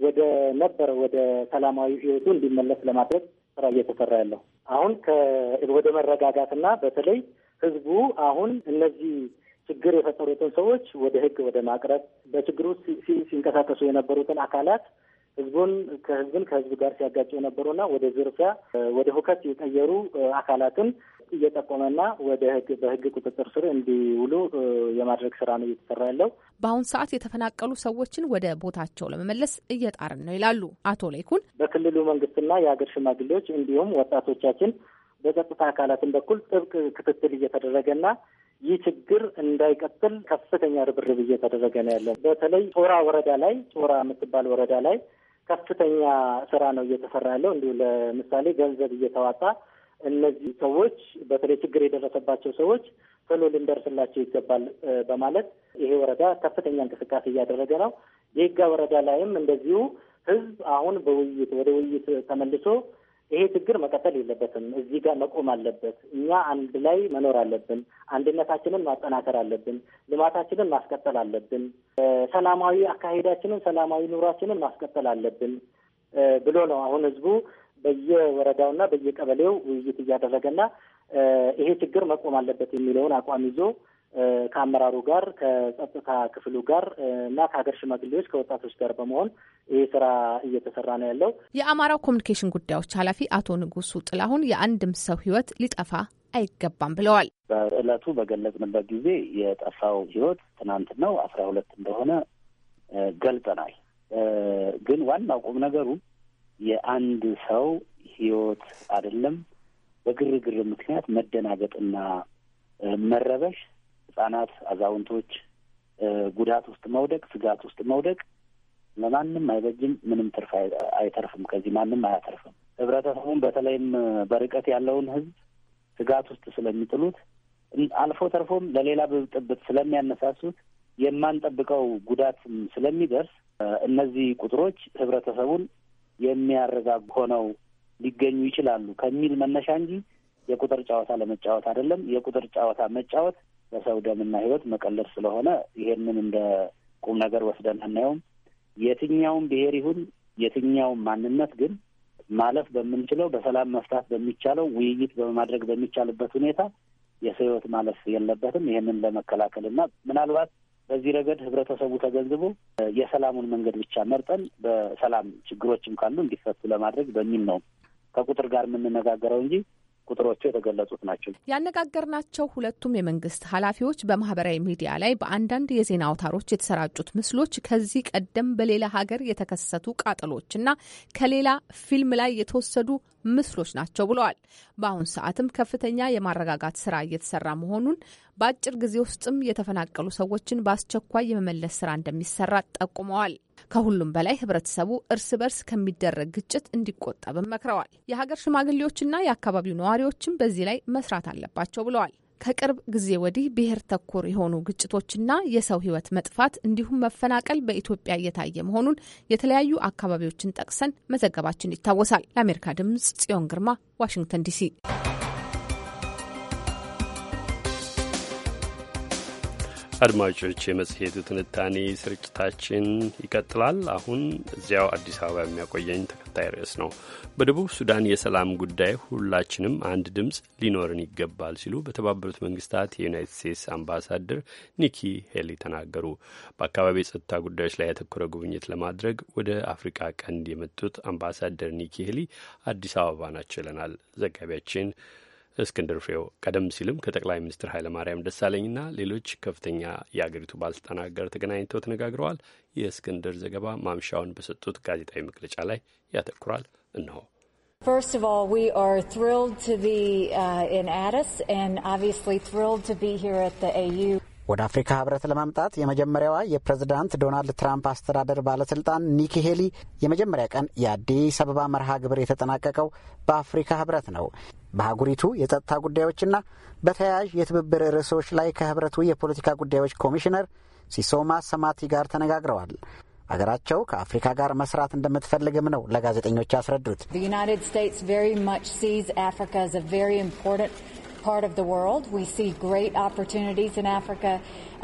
ወደ ነበረ ወደ ሰላማዊ ህይወቱ እንዲመለስ ለማድረግ ስራ እየተሰራ ያለው አሁን ወደ መረጋጋትና በተለይ ህዝቡ አሁን እነዚህ ችግር የፈጠሩትን ሰዎች ወደ ህግ ወደ ማቅረብ በችግሩ ሲንቀሳቀሱ የነበሩትን አካላት ህዝቡን ከህዝብን ከህዝብ ጋር ሲያጋጩ የነበሩና ወደ ዝርፊያ፣ ወደ ሁከት የቀየሩ አካላትን እየጠቆመና ወደ ህግ በህግ ቁጥጥር ስር እንዲውሉ የማድረግ ስራ ነው እየተሰራ ያለው። በአሁን ሰዓት የተፈናቀሉ ሰዎችን ወደ ቦታቸው ለመመለስ እየጣርን ነው ይላሉ አቶ ላይኩን በክልሉ መንግስትና የሀገር ሽማግሌዎች እንዲሁም ወጣቶቻችን በጸጥታ አካላትን በኩል ጥብቅ ክትትል እየተደረገና ይህ ችግር እንዳይቀጥል ከፍተኛ ርብርብ እየተደረገ ነው ያለን። በተለይ ጦራ ወረዳ ላይ ጦራ የምትባል ወረዳ ላይ ከፍተኛ ስራ ነው እየተሰራ ያለው። እንዲሁ ለምሳሌ ገንዘብ እየተዋጣ እነዚህ ሰዎች በተለይ ችግር የደረሰባቸው ሰዎች ቶሎ ልንደርስላቸው ይገባል በማለት ይሄ ወረዳ ከፍተኛ እንቅስቃሴ እያደረገ ነው። የህጋ ወረዳ ላይም እንደዚሁ ህዝብ አሁን በውይይት ወደ ውይይት ተመልሶ ይሄ ችግር መቀጠል የለበትም፣ እዚህ ጋር መቆም አለበት፣ እኛ አንድ ላይ መኖር አለብን፣ አንድነታችንን ማጠናከር አለብን፣ ልማታችንን ማስቀጠል አለብን፣ ሰላማዊ አካሄዳችንን፣ ሰላማዊ ኑሯችንን ማስቀጠል አለብን ብሎ ነው አሁን ህዝቡ በየወረዳውና በየቀበሌው ውይይት እያደረገና ይሄ ችግር መቆም አለበት የሚለውን አቋም ይዞ ከአመራሩ ጋር ከጸጥታ ክፍሉ ጋር እና ከሀገር ሽማግሌዎች ከወጣቶች ጋር በመሆን ይህ ስራ እየተሰራ ነው ያለው። የአማራው ኮሚኒኬሽን ጉዳዮች ኃላፊ አቶ ንጉሱ ጥላሁን የአንድም ሰው ህይወት ሊጠፋ አይገባም ብለዋል። በእለቱ በገለጽንበት ጊዜ የጠፋው ህይወት ትናንት ነው አስራ ሁለት እንደሆነ ገልጸናል። ግን ዋናው ቁም ነገሩ የአንድ ሰው ህይወት አይደለም በግርግር ምክንያት መደናገጥና መረበሽ፣ ህጻናት፣ አዛውንቶች ጉዳት ውስጥ መውደቅ፣ ስጋት ውስጥ መውደቅ ለማንም አይበጅም። ምንም ትርፍ አይተርፍም። ከዚህ ማንም አያተርፍም። ህብረተሰቡን በተለይም በርቀት ያለውን ህዝብ ስጋት ውስጥ ስለሚጥሉት አልፎ ተርፎም ለሌላ ብጥብጥ ስለሚያነሳሱት የማንጠብቀው ጉዳት ስለሚደርስ እነዚህ ቁጥሮች ህብረተሰቡን የሚያረጋጉ ሆነው ሊገኙ ይችላሉ ከሚል መነሻ እንጂ የቁጥር ጨዋታ ለመጫወት አይደለም። የቁጥር ጨዋታ መጫወት በሰው ደምና ሕይወት መቀለድ ስለሆነ ይሄንን እንደ ቁም ነገር ወስደን እናየውም የትኛውም ብሔር ይሁን የትኛውም ማንነት ግን ማለፍ በምንችለው በሰላም መፍታት በሚቻለው ውይይት በማድረግ በሚቻልበት ሁኔታ የሰው ሕይወት ማለፍ የለበትም። ይህንን ለመከላከል እና ምናልባት በዚህ ረገድ ህብረተሰቡ ተገንዝቦ የሰላሙን መንገድ ብቻ መርጠን በሰላም ችግሮችም ካሉ እንዲፈቱ ለማድረግ በሚል ነው ከቁጥር ጋር የምንነጋገረው እንጂ ቁጥሮቹ የተገለጹት ናቸው። ያነጋገርናቸው ሁለቱም የመንግስት ኃላፊዎች በማህበራዊ ሚዲያ ላይ በአንዳንድ የዜና አውታሮች የተሰራጩት ምስሎች ከዚህ ቀደም በሌላ ሀገር የተከሰቱ ቃጠሎች ና ከሌላ ፊልም ላይ የተወሰዱ ምስሎች ናቸው ብለዋል። በአሁን ሰዓትም ከፍተኛ የማረጋጋት ስራ እየተሰራ መሆኑን፣ በአጭር ጊዜ ውስጥም የተፈናቀሉ ሰዎችን በአስቸኳይ የመመለስ ስራ እንደሚሰራ ጠቁመዋል። ከሁሉም በላይ ህብረተሰቡ እርስ በርስ ከሚደረግ ግጭት እንዲቆጠብም መክረዋል። የሀገር ሽማግሌዎችና የአካባቢው ነዋሪዎችም በዚህ ላይ መስራት አለባቸው ብለዋል። ከቅርብ ጊዜ ወዲህ ብሔር ተኮር የሆኑ ግጭቶችና የሰው ህይወት መጥፋት እንዲሁም መፈናቀል በኢትዮጵያ እየታየ መሆኑን የተለያዩ አካባቢዎችን ጠቅሰን መዘገባችን ይታወሳል። ለአሜሪካ ድምጽ ጽዮን ግርማ ዋሽንግተን ዲሲ አድማጮች የመጽሔቱ ትንታኔ ስርጭታችን ይቀጥላል። አሁን እዚያው አዲስ አበባ የሚያቆየኝ ተከታይ ርዕስ ነው። በደቡብ ሱዳን የሰላም ጉዳይ ሁላችንም አንድ ድምፅ ሊኖርን ይገባል ሲሉ በተባበሩት መንግስታት የዩናይትድ ስቴትስ አምባሳደር ኒኪ ሄሊ ተናገሩ። በአካባቢ የጸጥታ ጉዳዮች ላይ ያተኮረ ጉብኝት ለማድረግ ወደ አፍሪቃ ቀንድ የመጡት አምባሳደር ኒኪ ሄሊ አዲስ አበባ ናቸው ይለናል ዘጋቢያችን እስክንድር ፍሬው ቀደም ሲልም ከጠቅላይ ሚኒስትር ኃይለማርያም ደሳለኝና ሌሎች ከፍተኛ የአገሪቱ ባለስልጣናት ጋር ተገናኝተው ተነጋግረዋል። የእስክንድር ዘገባ ማምሻውን በሰጡት ጋዜጣዊ መግለጫ ላይ ያተኩራል። እነሆ። First of all, we are thrilled to be uh, in Addis and obviously thrilled to be here at the AU. ወደ አፍሪካ ህብረት ለማምጣት የመጀመሪያዋ የፕሬዝዳንት ዶናልድ ትራምፕ አስተዳደር ባለስልጣን ኒኪ ሄሊ የመጀመሪያ ቀን የአዲስ አበባ መርሃ ግብር የተጠናቀቀው በአፍሪካ ህብረት ነው። በአህጉሪቱ የጸጥታ ጉዳዮችና በተያያዥ የትብብር ርዕሶች ላይ ከህብረቱ የፖለቲካ ጉዳዮች ኮሚሽነር ሲሶማ ሰማቲ ጋር ተነጋግረዋል። አገራቸው ከአፍሪካ ጋር መስራት እንደምትፈልግም ነው ለጋዜጠኞች ያስረዱት። part of the world. We see great opportunities in Africa.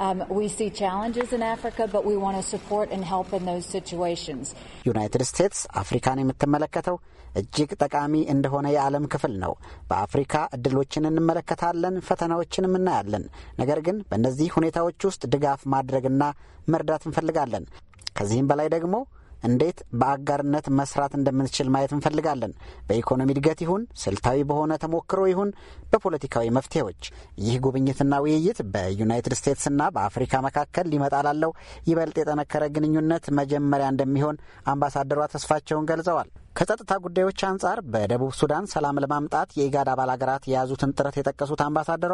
Um, we see challenges in Africa, but we want to support and help in those situations. ዩናይትድ ስቴትስ አፍሪካን የምትመለከተው እጅግ ጠቃሚ እንደሆነ የዓለም ክፍል ነው። በአፍሪካ እድሎችን እንመለከታለን፣ ፈተናዎችንም እናያለን። ነገር ግን በእነዚህ ሁኔታዎች ውስጥ ድጋፍ ማድረግና መርዳት እንፈልጋለን። ከዚህም በላይ ደግሞ እንዴት በአጋርነት መስራት እንደምንችል ማየት እንፈልጋለን። በኢኮኖሚ እድገት ይሁን ስልታዊ በሆነ ተሞክሮ ይሁን በፖለቲካዊ መፍትሄዎች ይህ ጉብኝትና ውይይት በዩናይትድ ስቴትስና በአፍሪካ መካከል ሊመጣ ላለው ይበልጥ የጠነከረ ግንኙነት መጀመሪያ እንደሚሆን አምባሳደሯ ተስፋቸውን ገልጸዋል። ከጸጥታ ጉዳዮች አንጻር በደቡብ ሱዳን ሰላም ለማምጣት የኢጋድ አባል ሀገራት የያዙትን ጥረት የጠቀሱት አምባሳደሯ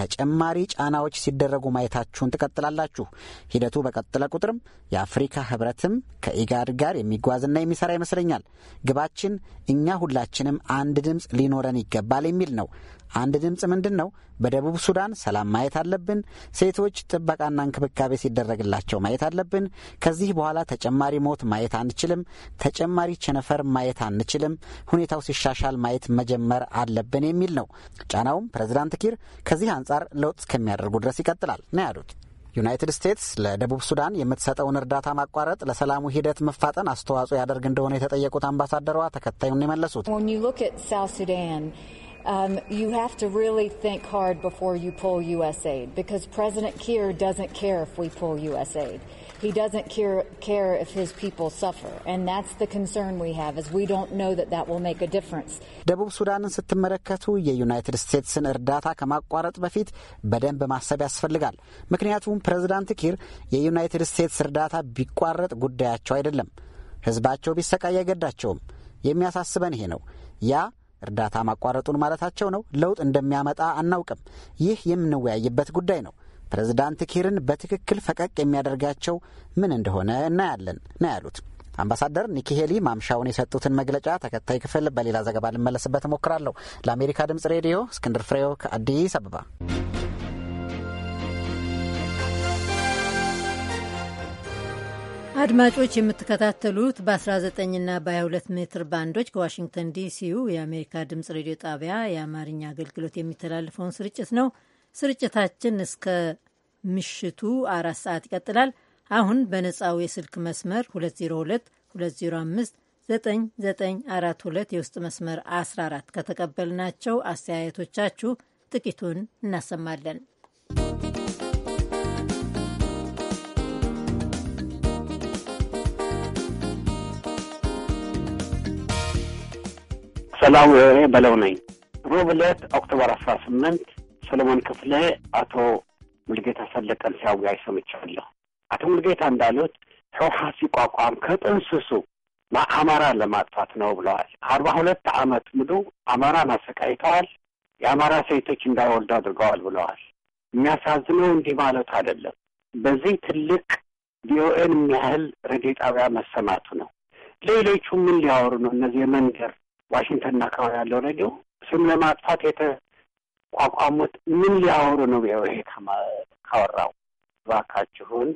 ተጨማሪ ጫናዎች ሲደረጉ ማየታችሁን ትቀጥላላችሁ። ሂደቱ በቀጠለ ቁጥርም የአፍሪካ ህብረትም ከኢጋድ ጋር የሚጓዝና የሚሰራ ይመስለኛል። ግባችን እኛ ሁላችንም አንድ ድምፅ ሊኖረን ይገባል የሚል ነው። አንድ ድምፅ ምንድን ነው? በደቡብ ሱዳን ሰላም ማየት አለብን። ሴቶች ጥበቃና እንክብካቤ ሲደረግላቸው ማየት አለብን። ከዚህ በኋላ ተጨማሪ ሞት ማየት አንችልም። ተጨማሪ ቸነፈር ማየት አንችልም። ሁኔታው ሲሻሻል ማየት መጀመር አለብን የሚል ነው። ጫናውም ፕሬዚዳንት ኪር ከዚህ አንጻር ለውጥ እስከሚያደርጉ ድረስ ይቀጥላል ነው ያሉት። ዩናይትድ ስቴትስ ለደቡብ ሱዳን የምትሰጠውን እርዳታ ማቋረጥ ለሰላሙ ሂደት መፋጠን አስተዋጽኦ ያደርግ እንደሆነ የተጠየቁት አምባሳደሯ ተከታዩን የመለሱት um, you have to really think hard before you pull USAID because President Kiir doesn't care if we pull USAID. He doesn't care, care if his people suffer. And that's the concern we have is we don't know that that will make a difference. ደቡብ ሱዳንን ስትመለከቱ የዩናይትድ ስቴትስን እርዳታ ከማቋረጥ በፊት በደንብ ማሰብ ያስፈልጋል። ምክንያቱም ፕሬዝዳንት ኪር የዩናይትድ ስቴትስ እርዳታ ቢቋረጥ ጉዳያቸው አይደለም። ህዝባቸው ቢሰቃይ አይገዳቸውም። የሚያሳስበን ይሄ ነው። ያ እርዳታ ማቋረጡን ማለታቸው ነው። ለውጥ እንደሚያመጣ አናውቅም። ይህ የምንወያይበት ጉዳይ ነው። ፕሬዝዳንት ኪርን በትክክል ፈቀቅ የሚያደርጋቸው ምን እንደሆነ እናያለን ነው ያሉት። አምባሳደር ኒኪ ሄሊ ማምሻውን የሰጡትን መግለጫ ተከታይ ክፍል በሌላ ዘገባ ልመለስበት እሞክራለሁ። ለአሜሪካ ድምጽ ሬዲዮ እስክንድር ፍሬው ከአዲስ አበባ አድማጮች የምትከታተሉት በ19ና በ22 ሜትር ባንዶች ከዋሽንግተን ዲሲው የአሜሪካ ድምፅ ሬዲዮ ጣቢያ የአማርኛ አገልግሎት የሚተላለፈውን ስርጭት ነው። ስርጭታችን እስከ ምሽቱ አራት ሰዓት ይቀጥላል። አሁን በነፃው የስልክ መስመር 2022059942 የውስጥ መስመር 14 ከተቀበልናቸው አስተያየቶቻችሁ ጥቂቱን እናሰማለን። ሰላም በለው ነኝ። ሮብ ዕለት ኦክቶበር አስራ ስምንት ሰሎሞን ክፍሌ አቶ ሙልጌታ ሰለቀን ሲያወያይ ሰምቻለሁ። አቶ ሙልጌታ እንዳሉት ህወሓት ሲቋቋም ከጥንስሱ አማራ ለማጥፋት ነው ብለዋል። አርባ ሁለት አመት ሙሉ አማራን አሰቃይተዋል። የአማራ ሴቶች እንዳይወልዱ አድርገዋል ብለዋል። የሚያሳዝነው እንዲህ ማለት አይደለም። በዚህ ትልቅ ቪኦኤን የሚያህል ሬዲዮ ጣቢያ መሰማቱ ነው። ሌሎቹ ምን ሊያወሩ ነው? እነዚህ የመንገር ዋሽንግተን አካባቢ ያለው ሬዲዮ ስም ለማጥፋት የተቋቋሙት ምን ሊያወሩ ነው? ቪኦኤ ካወራው እባካችሁን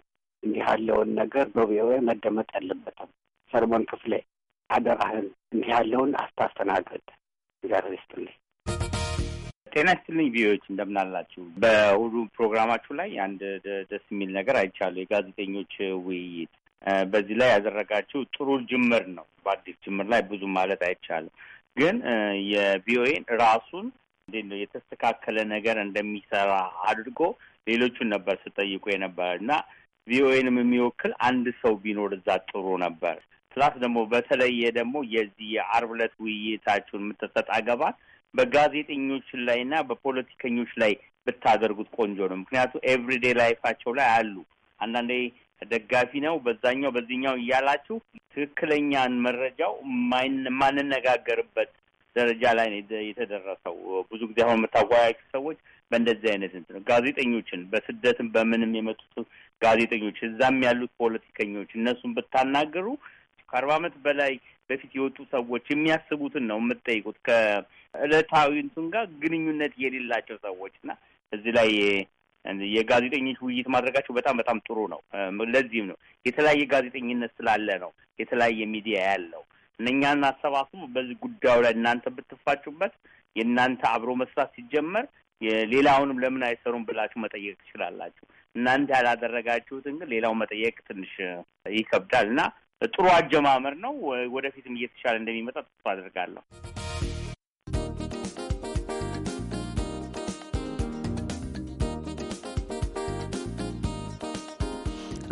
እንዲህ ያለውን ነገር በቪኦኤ መደመጥ ያለበትም። ሰለሞን ክፍሌ አደራህን እንዲህ ያለውን አስታስተናግድ። እግዚአብሔር ይስጥልኝ። ጤና ይስጥልኝ። ቪዎች እንደምን አላችሁ? በሁሉ ፕሮግራማችሁ ላይ አንድ ደስ የሚል ነገር አይቻለሁ። የጋዜጠኞች ውይይት በዚህ ላይ ያደረጋችው ጥሩ ጅምር ነው። በአዲስ ጅምር ላይ ብዙ ማለት አይቻልም፣ ግን የቪኦኤን ራሱን እንዴት ነው የተስተካከለ ነገር እንደሚሰራ አድርጎ ሌሎቹን ነበር ስጠይቁ የነበረ እና ቪኦኤንም የሚወክል አንድ ሰው ቢኖር እዛ ጥሩ ነበር። ፕላስ ደግሞ በተለየ ደግሞ የዚህ የአርብ ዕለት ውይይታችሁን የምትሰጥ አገባት በጋዜጠኞች ላይ እና በፖለቲከኞች ላይ ብታደርጉት ቆንጆ ነው። ምክንያቱም ኤቭሪዴ ላይፋቸው ላይ አሉ አንዳንዴ ደጋፊ ነው በዛኛው በዚህኛው እያላችሁ ትክክለኛን መረጃው የማንነጋገርበት ደረጃ ላይ የተደረሰው። ብዙ ጊዜ አሁን የምታወያዩት ሰዎች በእንደዚህ አይነት እንትን ጋዜጠኞችን በስደትም በምንም የመጡት ጋዜጠኞች እዛም ያሉት ፖለቲከኞች እነሱን ብታናገሩ ከአርባ ዓመት በላይ በፊት የወጡ ሰዎች የሚያስቡትን ነው የምትጠይቁት ከእለታዊ እንትን ጋር ግንኙነት የሌላቸው ሰዎች እና እዚህ ላይ የጋዜጠኞች ውይይት ማድረጋቸው በጣም በጣም ጥሩ ነው። ለዚህም ነው የተለያየ ጋዜጠኝነት ስላለ ነው የተለያየ ሚዲያ ያለው። እነኛን አሰባስቡ በዚህ ጉዳዩ ላይ እናንተ ብትፋጩበት የእናንተ አብሮ መስራት ሲጀመር ሌላውንም ለምን አይሰሩም ብላችሁ መጠየቅ ትችላላችሁ። እናንተ ያላደረጋችሁትን ግን ሌላው መጠየቅ ትንሽ ይከብዳል እና ጥሩ አጀማመር ነው። ወደፊትም እየተሻለ እንደሚመጣ ተስፋ አድርጋለሁ።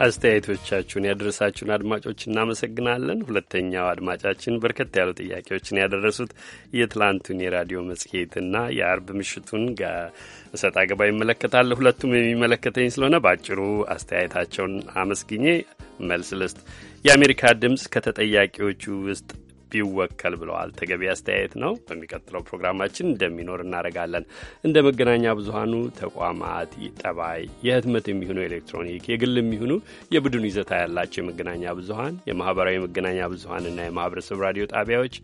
አስተያየቶቻችሁን ያደረሳችሁን አድማጮች እናመሰግናለን። ሁለተኛው አድማጫችን በርከት ያሉ ጥያቄዎችን ያደረሱት የትላንቱን የራዲዮ መጽሔትና የአርብ ምሽቱን እሰጥ አገባ ይመለከታል። ሁለቱም የሚመለከተኝ ስለሆነ በአጭሩ አስተያየታቸውን አመስግኜ መልስ ልስጥ። የአሜሪካ ድምፅ ከተጠያቂዎቹ ውስጥ ቢወከል ብለዋል። ተገቢ አስተያየት ነው። በሚቀጥለው ፕሮግራማችን እንደሚኖር እናደርጋለን። እንደ መገናኛ ብዙሀኑ ተቋማት ጠባይ የህትመት የሚሆኑ ኤሌክትሮኒክ፣ የግል የሚሆኑ የቡድን ይዘታ ያላቸው የመገናኛ ብዙሀን፣ የማህበራዊ መገናኛ ብዙሀንና የማህበረሰብ ራዲዮ ጣቢያዎች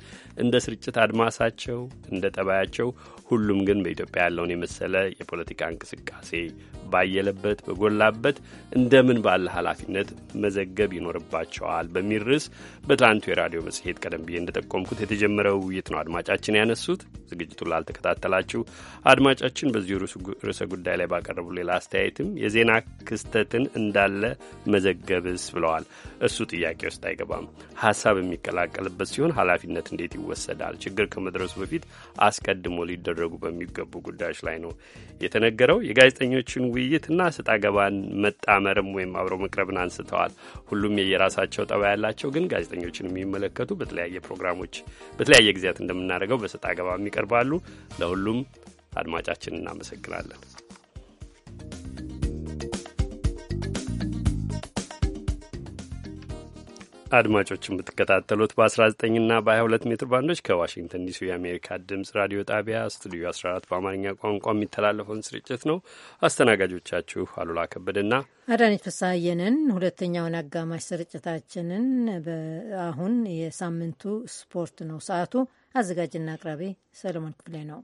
እንደ ስርጭት አድማሳቸው እንደ ጠባያቸው ሁሉም ግን በኢትዮጵያ ያለውን የመሰለ የፖለቲካ እንቅስቃሴ ባየለበት በጎላበት እንደምን ባለ ኃላፊነት መዘገብ ይኖርባቸዋል በሚል ርዕስ በትላንቱ የራዲዮ መጽሔት ቀደም ብዬ እንደጠቆምኩት የተጀመረ ውይይት ነው አድማጫችን ያነሱት። ዝግጅቱን ላልተከታተላችሁ አድማጫችን በዚሁ ርዕሰ ጉዳይ ላይ ባቀረቡ ሌላ አስተያየትም የዜና ክስተትን እንዳለ መዘገብስ ብለዋል። እሱ ጥያቄ ውስጥ አይገባም። ሀሳብ የሚቀላቀልበት ሲሆን ኃላፊነት እንዴት ይወሰዳል? ችግር ከመድረሱ በፊት አስቀድሞ ሊደረ ሊደረጉ በሚገቡ ጉዳዮች ላይ ነው የተነገረው። የጋዜጠኞችን ውይይትና ስጣ ገባን መጣመርም ወይም አብሮ መቅረብን አንስተዋል። ሁሉም የየራሳቸው ጠባ ያላቸው ግን ጋዜጠኞችን የሚመለከቱ በተለያየ ፕሮግራሞች በተለያየ ጊዜያት እንደምናደርገው በስጣ ገባም ይቀርባሉ። ለሁሉም አድማጫችን እናመሰግናለን። አድማጮች የምትከታተሉት በ19ና በ22 ሜትር ባንዶች ከዋሽንግተን ዲሲ የአሜሪካ ድምፅ ራዲዮ ጣቢያ ስቱዲዮ 14 በአማርኛ ቋንቋ የሚተላለፈውን ስርጭት ነው። አስተናጋጆቻችሁ አሉላ ከበደና አዳነች ፍስሐየንን። ሁለተኛውን አጋማሽ ስርጭታችንን አሁን የሳምንቱ ስፖርት ነው ሰዓቱ። አዘጋጅና አቅራቢ ሰለሞን ክፍሌ ነው።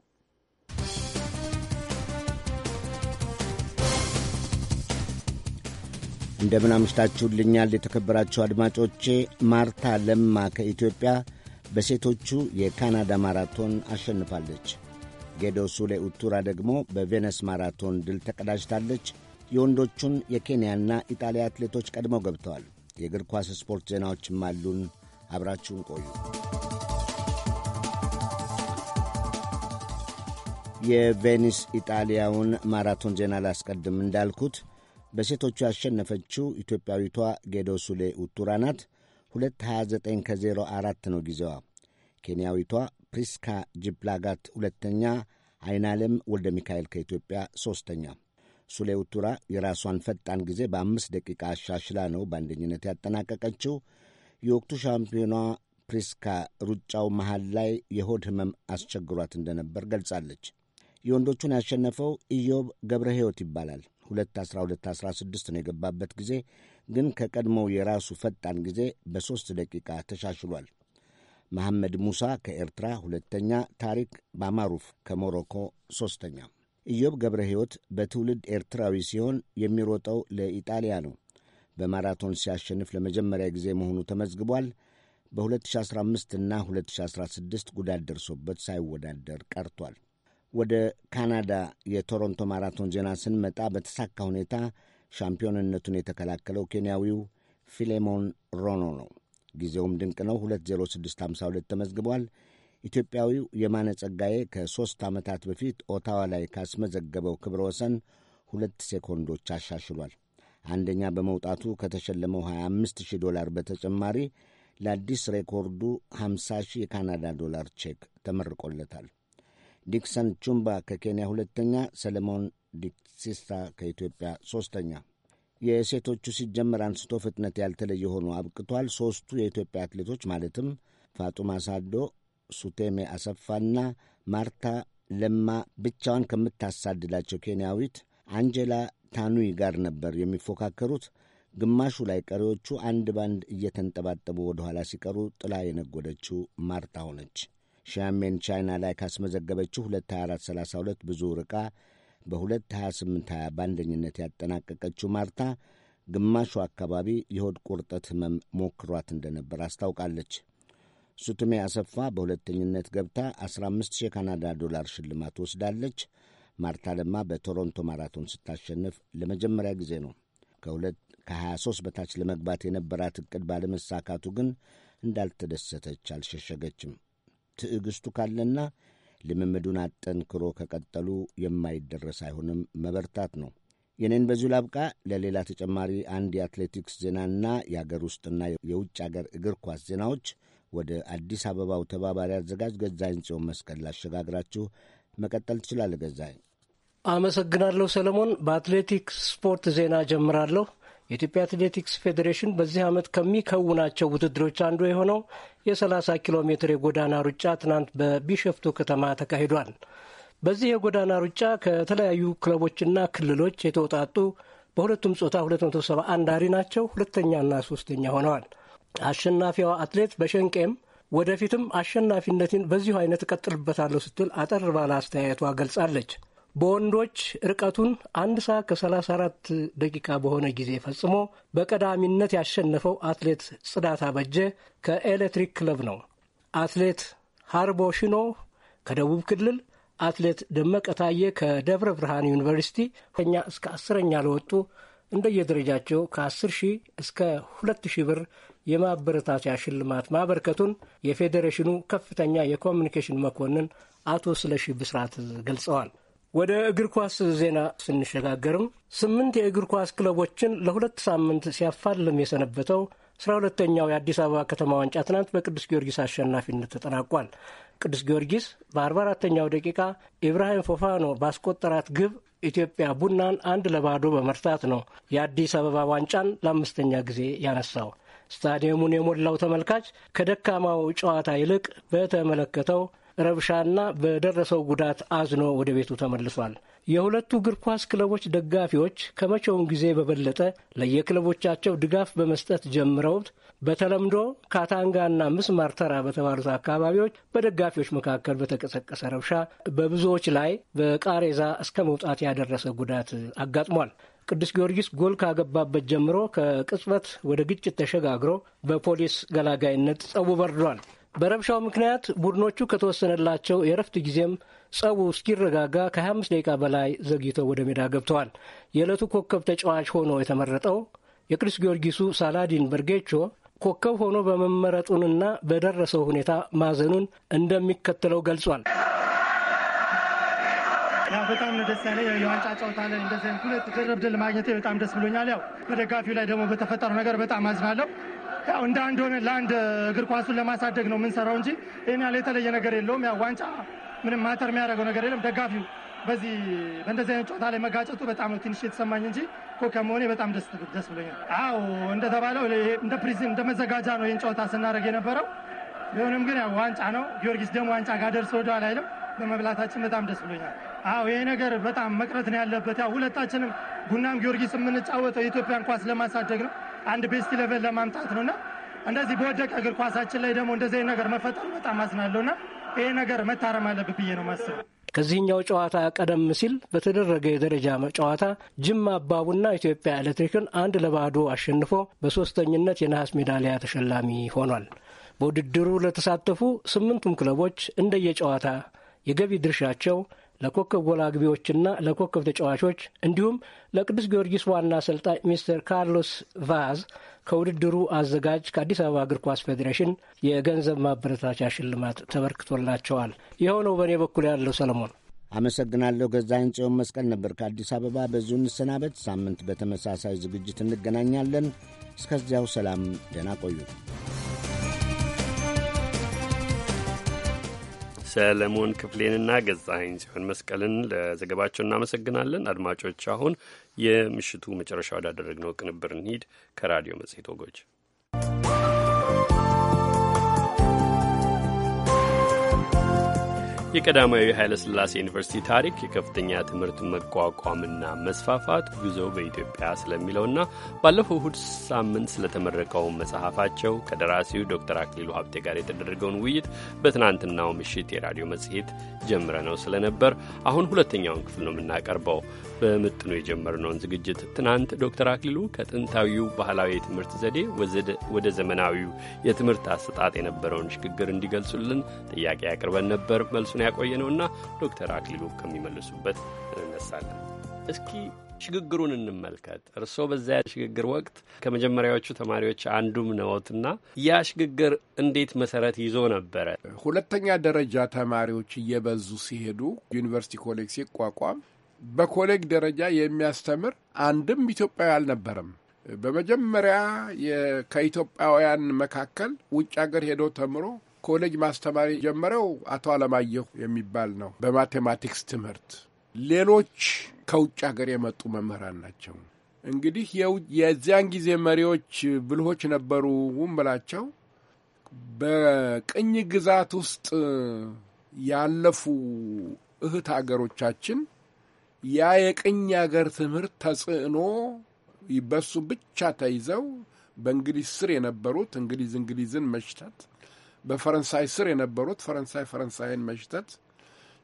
እንደምን አምሽታችሁልኛል የተከበራችሁ አድማጮቼ። ማርታ ለማ ከኢትዮጵያ በሴቶቹ የካናዳ ማራቶን አሸንፋለች። ጌዶ ሱሌ ኡቱራ ደግሞ በቬነስ ማራቶን ድል ተቀዳጅታለች። የወንዶቹን የኬንያና ኢጣሊያ አትሌቶች ቀድመው ገብተዋል። የእግር ኳስ ስፖርት ዜናዎችም አሉን። አብራችሁን ቆዩ። የቬኒስ ኢጣሊያውን ማራቶን ዜና ላስቀድም እንዳልኩት በሴቶቹ ያሸነፈችው ኢትዮጵያዊቷ ጌዶ ሱሌ ውቱራ ናት። 229 ከ04 ነው ጊዜዋ። ኬንያዊቷ ፕሪስካ ጅፕላጋት ሁለተኛ፣ አይናለም ወልደ ሚካኤል ከኢትዮጵያ ሦስተኛ። ሱሌ ውቱራ የራሷን ፈጣን ጊዜ በአምስት ደቂቃ አሻሽላ ነው በአንደኝነት ያጠናቀቀችው። የወቅቱ ሻምፒዮኗ ፕሪስካ ሩጫው መሃል ላይ የሆድ ህመም አስቸግሯት እንደነበር ገልጻለች። የወንዶቹን ያሸነፈው ኢዮብ ገብረ ሕይወት ይባላል። 21216 ነው የገባበት ጊዜ ግን ከቀድሞው የራሱ ፈጣን ጊዜ በሦስት ደቂቃ ተሻሽሏል። መሐመድ ሙሳ ከኤርትራ ሁለተኛ፣ ታሪክ ባማሩፍ ከሞሮኮ ሦስተኛ። ኢዮብ ገብረ ሕይወት በትውልድ ኤርትራዊ ሲሆን የሚሮጠው ለኢጣሊያ ነው። በማራቶን ሲያሸንፍ ለመጀመሪያ ጊዜ መሆኑ ተመዝግቧል። በ2015 እና 2016 ጉዳት ደርሶበት ሳይወዳደር ቀርቷል። ወደ ካናዳ የቶሮንቶ ማራቶን ዜና ስንመጣ በተሳካ ሁኔታ ሻምፒዮንነቱን የተከላከለው ኬንያዊው ፊሌሞን ሮኖ ነው። ጊዜውም ድንቅ ነው። 20652 ተመዝግቧል። ኢትዮጵያዊው የማነ ጸጋዬ ከሦስት ዓመታት በፊት ኦታዋ ላይ ካስመዘገበው ክብረ ወሰን ሁለት ሴኮንዶች አሻሽሏል። አንደኛ በመውጣቱ ከተሸለመው 25000 ዶላር በተጨማሪ ለአዲስ ሬኮርዱ 50 የካናዳ ዶላር ቼክ ተመርቆለታል። ዲክሰን ቹምባ ከኬንያ ሁለተኛ፣ ሰለሞን ዲክሲስታ ከኢትዮጵያ ሦስተኛ። የሴቶቹ ሲጀመር አንስቶ ፍጥነት ያልተለየ ሆኖ አብቅቷል። ሦስቱ የኢትዮጵያ አትሌቶች ማለትም ፋጡማ ሳዶ፣ ሱቴሜ አሰፋና ማርታ ለማ ብቻዋን ከምታሳድዳቸው ኬንያዊት አንጀላ ታኑይ ጋር ነበር የሚፎካከሩት። ግማሹ ላይ ቀሪዎቹ አንድ ባንድ እየተንጠባጠቡ ወደ ኋላ ሲቀሩ ጥላ የነጎደችው ማርታ ሆነች። ሻሜን ቻይና ላይ ካስመዘገበችው 22432 ብዙ ርቃ በ22820 በአንደኝነት ያጠናቀቀችው ማርታ ግማሹ አካባቢ የሆድ ቁርጠት ህመም ሞክሯት እንደነበር አስታውቃለች። ሱቱሜ አሰፋ በሁለተኝነት ገብታ 15 የካናዳ ካናዳ ዶላር ሽልማት ወስዳለች። ማርታ ለማ በቶሮንቶ ማራቶን ስታሸንፍ ለመጀመሪያ ጊዜ ነው። ከ23 በታች ለመግባት የነበራት ዕቅድ ባለመሳካቱ ግን እንዳልተደሰተች አልሸሸገችም። ትዕግስቱ ካለና ልምምዱን አጠንክሮ ከቀጠሉ የማይደረስ አይሆንም፣ መበርታት ነው። የኔን በዚሁ ላብቃ። ለሌላ ተጨማሪ አንድ የአትሌቲክስ ዜናና የአገር ውስጥና የውጭ አገር እግር ኳስ ዜናዎች ወደ አዲስ አበባው ተባባሪ አዘጋጅ ገዛኝ ጽዮን መስቀል ላሸጋግራችሁ። መቀጠል ትችላለህ ገዛኝ። አመሰግናለሁ ሰለሞን። በአትሌቲክስ ስፖርት ዜና ጀምራለሁ። የኢትዮጵያ አትሌቲክስ ፌዴሬሽን በዚህ ዓመት ከሚከውናቸው ውድድሮች አንዱ የሆነው የ30 ኪሎ ሜትር የጎዳና ሩጫ ትናንት በቢሸፍቱ ከተማ ተካሂዷል። በዚህ የጎዳና ሩጫ ከተለያዩ ክለቦችና ክልሎች የተውጣጡ በሁለቱም ጾታ 271 አሪ ናቸው። ሁለተኛና ሶስተኛ ሆነዋል። አሸናፊዋ አትሌት በሸንቄም ወደፊትም አሸናፊነትን በዚሁ አይነት እቀጥልበታለሁ ስትል አጠር ባለ አስተያየቷ ገልጻለች። በወንዶች ርቀቱን አንድ ሰዓት ከ34 ደቂቃ በሆነ ጊዜ ፈጽሞ በቀዳሚነት ያሸነፈው አትሌት ጽዳት አበጀ ከኤሌክትሪክ ክለብ ነው። አትሌት ሃርቦ ሽኖ ከደቡብ ክልል፣ አትሌት ደመቀ ታየ ከደብረ ብርሃን ዩኒቨርሲቲ ከኛ እስከ አስረኛ ለወጡ እንደየደረጃቸው ከ10 ሺህ እስከ 2 ሺህ ብር የማበረታቻ ሽልማት ማበርከቱን የፌዴሬሽኑ ከፍተኛ የኮሚኒኬሽን መኮንን አቶ ስለሺ ብስራት ገልጸዋል። ወደ እግር ኳስ ዜና ስንሸጋገርም ስምንት የእግር ኳስ ክለቦችን ለሁለት ሳምንት ሲያፋልም የሰነበተው አስራ ሁለተኛው የአዲስ አበባ ከተማ ዋንጫ ትናንት በቅዱስ ጊዮርጊስ አሸናፊነት ተጠናቋል። ቅዱስ ጊዮርጊስ በአርባ አራተኛው ደቂቃ ኢብራሂም ፎፋኖ ባስቆጠራት ግብ ኢትዮጵያ ቡናን አንድ ለባዶ በመርታት ነው የአዲስ አበባ ዋንጫን ለአምስተኛ ጊዜ ያነሳው። ስታዲየሙን የሞላው ተመልካች ከደካማው ጨዋታ ይልቅ በተመለከተው ረብሻና በደረሰው ጉዳት አዝኖ ወደ ቤቱ ተመልሷል። የሁለቱ እግር ኳስ ክለቦች ደጋፊዎች ከመቼውም ጊዜ በበለጠ ለየክለቦቻቸው ድጋፍ በመስጠት ጀምረውት በተለምዶ ካታንጋና ምስማር ተራ በተባሉት አካባቢዎች በደጋፊዎች መካከል በተቀሰቀሰ ረብሻ በብዙዎች ላይ በቃሬዛ እስከ መውጣት ያደረሰ ጉዳት አጋጥሟል። ቅዱስ ጊዮርጊስ ጎል ካገባበት ጀምሮ ከቅጽበት ወደ ግጭት ተሸጋግሮ በፖሊስ ገላጋይነት ጸቡ በርዷል። በረብሻው ምክንያት ቡድኖቹ ከተወሰነላቸው የእረፍት ጊዜም ጸቡ እስኪረጋጋ ከ25 ደቂቃ በላይ ዘግይተው ወደ ሜዳ ገብተዋል። የዕለቱ ኮከብ ተጫዋች ሆኖ የተመረጠው የቅዱስ ጊዮርጊሱ ሳላዲን በርጌቾ ኮከብ ሆኖ በመመረጡንና በደረሰው ሁኔታ ማዘኑን እንደሚከተለው ገልጿል። ያው በጣም ነው ደስ ያለ የዋንጫ ጨዋታ ላይ እንደዚህ ሁለት ደረብ ድል ማግኘት በጣም ደስ ብሎኛል። ያው በደጋፊው ላይ ደግሞ በተፈጠረው ነገር በጣም አዝናለሁ። ያው እንደ አንድ ሆነ ለአንድ እግር ኳሱን ለማሳደግ ነው የምንሰራው እንጂ ይህን ያለ የተለየ ነገር የለውም። ያው ዋንጫ ምንም ማተር የሚያደርገው ነገር የለም። ደጋፊው በዚህ በእንደዚህ አይነት ጨዋታ ላይ መጋጨቱ በጣም ነው ትንሽ የተሰማኝ እንጂ እኮ መሆኔ በጣም ደስ ብሎኛል። አዎ እንደተባለው እንደ ፕሪዝም እንደ መዘጋጃ ነው ይህን ጨዋታ ስናደርግ የነበረው። ቢሆንም ግን ያው ዋንጫ ነው። ጊዮርጊስ ደግሞ ዋንጫ ጋር ደርሶ ወደኋላ አይልም። በመብላታችን በጣም ደስ ብሎኛል። አዎ ይሄ ነገር በጣም መቅረት ነው ያለበት። ያው ሁለታችንም ቡናም ጊዮርጊስ የምንጫወተው የኢትዮጵያን ኳስ ለማሳደግ ነው። አንድ ቤስት ሌቨል ለማምጣት ነውና እንደዚህ በወደቀ እግር ኳሳችን ላይ ደግሞ እንደዚህ ነገር መፈጠሩ በጣም አዝናለሁና ይሄ ነገር መታረም አለ ብዬ ነው ማስበው። ከዚህኛው ጨዋታ ቀደም ሲል በተደረገ የደረጃ ጨዋታ ጅማ አባቡና ኢትዮጵያ ኤሌክትሪክን አንድ ለባዶ አሸንፎ በሶስተኝነት የነሐስ ሜዳሊያ ተሸላሚ ሆኗል። በውድድሩ ለተሳተፉ ስምንቱም ክለቦች እንደየጨዋታ የገቢ ድርሻቸው ለኮከብ ጎል አግቢዎችና ለኮከብ ተጫዋቾች እንዲሁም ለቅዱስ ጊዮርጊስ ዋና አሰልጣኝ ሚስተር ካርሎስ ቫዝ ከውድድሩ አዘጋጅ ከአዲስ አበባ እግር ኳስ ፌዴሬሽን የገንዘብ ማበረታቻ ሽልማት ተበርክቶላቸዋል። ይኸው ነው በእኔ በኩል ያለው። ሰለሞን አመሰግናለሁ። ገዛኸኝ ጽዮን መስቀል ነበር ከአዲስ አበባ። በዚሁ እንሰናበት። ሳምንት በተመሳሳይ ዝግጅት እንገናኛለን። እስከዚያው ሰላም፣ ደህና ቆዩ። ሰለሞን ክፍሌንና ገዛኸኝ ሲሆን መስቀልን ለዘገባቸው እናመሰግናለን። አድማጮች፣ አሁን የምሽቱ መጨረሻ ወዳደረግነው ቅንብር እንሂድ። ከራዲዮ መጽሔት ወጎች የቀዳማዊ ኃይለሥላሴ ዩኒቨርሲቲ ታሪክ፣ የከፍተኛ ትምህርት መቋቋምና መስፋፋት ጉዞ በኢትዮጵያ ስለሚለውና ባለፈው እሁድ ሳምንት ስለተመረቀው መጽሐፋቸው ከደራሲው ዶክተር አክሊሉ ሀብቴ ጋር የተደረገውን ውይይት በትናንትናው ምሽት የራዲዮ መጽሔት ጀምረ ነው ስለነበር አሁን ሁለተኛውን ክፍል ነው የምናቀርበው። በምጥኑ የጀመርነውን ዝግጅት ትናንት ዶክተር አክሊሉ ከጥንታዊው ባህላዊ የትምህርት ዘዴ ወደ ዘመናዊው የትምህርት አሰጣጥ የነበረውን ሽግግር እንዲገልጹልን ጥያቄ ያቅርበን ነበር መልሱ ነው ያቆየነውና ዶክተር አክሊሉ ከሚመልሱበት እንነሳለን። እስኪ ሽግግሩን እንመልከት። እርስዎ በዚያ ሽግግር ወቅት ከመጀመሪያዎቹ ተማሪዎች አንዱም ነዎትና ያ ሽግግር እንዴት መሰረት ይዞ ነበረ? ሁለተኛ ደረጃ ተማሪዎች እየበዙ ሲሄዱ ዩኒቨርሲቲ ኮሌጅ ሲቋቋም በኮሌጅ ደረጃ የሚያስተምር አንድም ኢትዮጵያዊ አልነበረም። በመጀመሪያ ከኢትዮጵያውያን መካከል ውጭ ሀገር ሄዶ ተምሮ ኮሌጅ ማስተማር የጀመረው አቶ አለማየሁ የሚባል ነው በማቴማቲክስ ትምህርት። ሌሎች ከውጭ ሀገር የመጡ መምህራን ናቸው። እንግዲህ የዚያን ጊዜ መሪዎች ብልሆች ነበሩ ብላቸው በቅኝ ግዛት ውስጥ ያለፉ እህት አገሮቻችን ያ የቅኝ አገር ትምህርት ተጽዕኖ በሱ ብቻ ተይዘው በእንግሊዝ ስር የነበሩት እንግሊዝ እንግሊዝን መሽታት በፈረንሳይ ስር የነበሩት ፈረንሳይ ፈረንሳይን መሽተት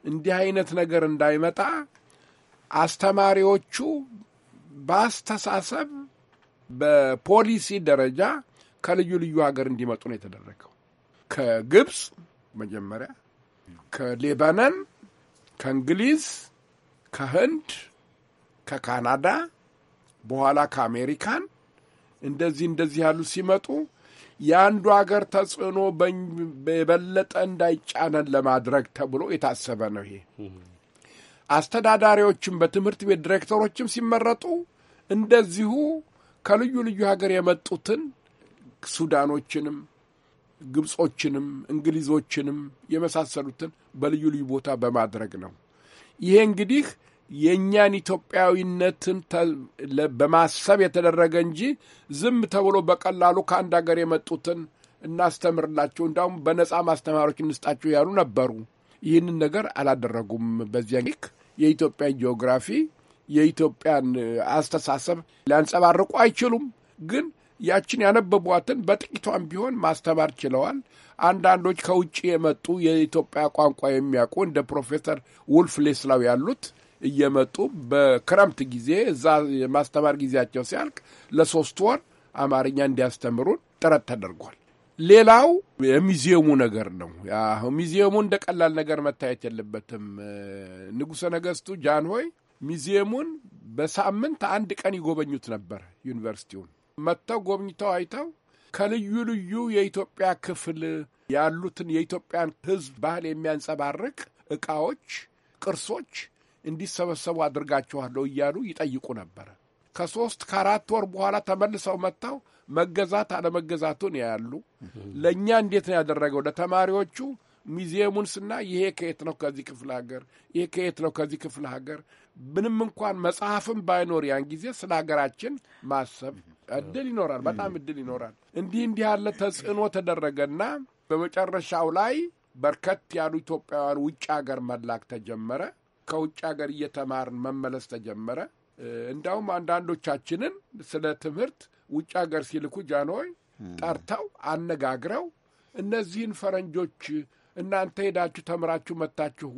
እንዲህ አይነት ነገር እንዳይመጣ አስተማሪዎቹ በአስተሳሰብ በፖሊሲ ደረጃ ከልዩ ልዩ ሀገር እንዲመጡ ነው የተደረገው። ከግብፅ መጀመሪያ፣ ከሌባነን፣ ከእንግሊዝ፣ ከህንድ፣ ከካናዳ በኋላ ከአሜሪካን እንደዚህ እንደዚህ ያሉ ሲመጡ የአንዱ አገር ተጽዕኖ የበለጠ እንዳይጫነን ለማድረግ ተብሎ የታሰበ ነው። ይሄ አስተዳዳሪዎችም በትምህርት ቤት ዲሬክተሮችም ሲመረጡ እንደዚሁ ከልዩ ልዩ ሀገር የመጡትን ሱዳኖችንም፣ ግብጾችንም፣ እንግሊዞችንም የመሳሰሉትን በልዩ ልዩ ቦታ በማድረግ ነው። ይሄ እንግዲህ የእኛን ኢትዮጵያዊነትን በማሰብ የተደረገ እንጂ ዝም ተብሎ በቀላሉ ከአንድ ሀገር የመጡትን እናስተምርላቸው እንዲሁም በነጻ ማስተማሪዎች እንስጣችሁ ያሉ ነበሩ። ይህንን ነገር አላደረጉም። በዚያ ክ የኢትዮጵያን ጂኦግራፊ የኢትዮጵያን አስተሳሰብ ሊያንጸባርቁ አይችሉም። ግን ያችን ያነበቧትን በጥቂቷን ቢሆን ማስተማር ችለዋል። አንዳንዶች ከውጭ የመጡ የኢትዮጵያ ቋንቋ የሚያውቁ እንደ ፕሮፌሰር ውልፍ ሌስላው ያሉት እየመጡ በክረምት ጊዜ እዛ የማስተማር ጊዜያቸው ሲያልቅ ለሶስት ወር አማርኛ እንዲያስተምሩን ጥረት ተደርጓል። ሌላው የሚዚየሙ ነገር ነው። ሚዚየሙ እንደ ቀላል ነገር መታየት የለበትም። ንጉሠ ነገሥቱ ጃንሆይ ሚዚየሙን በሳምንት አንድ ቀን ይጎበኙት ነበር። ዩኒቨርሲቲውን መጥተው ጎብኝተው አይተው ከልዩ ልዩ የኢትዮጵያ ክፍል ያሉትን የኢትዮጵያን ሕዝብ ባህል የሚያንጸባርቅ ዕቃዎች፣ ቅርሶች እንዲሰበሰቡ አድርጋችኋለሁ እያሉ ይጠይቁ ነበር። ከሶስት ከአራት ወር በኋላ ተመልሰው መጥተው መገዛት አለመገዛቱን ያሉ። ለእኛ እንዴት ነው ያደረገው? ለተማሪዎቹ ሚዚየሙን ስና ይሄ ከየት ነው ከዚህ ክፍለ ሀገር፣ ይሄ ከየት ነው ከዚህ ክፍለ ሀገር። ምንም እንኳን መጽሐፍም ባይኖር ያን ጊዜ ስለ ሀገራችን ማሰብ እድል ይኖራል፣ በጣም እድል ይኖራል። እንዲህ እንዲህ ያለ ተጽዕኖ ተደረገና በመጨረሻው ላይ በርከት ያሉ ኢትዮጵያውያን ውጭ ሀገር መላክ ተጀመረ። ከውጭ ሀገር እየተማርን መመለስ ተጀመረ። እንዳውም አንዳንዶቻችንን ስለ ትምህርት ውጭ ሀገር ሲልኩ ጃንሆይ ጠርተው አነጋግረው እነዚህን ፈረንጆች እናንተ ሄዳችሁ ተምራችሁ መታችሁ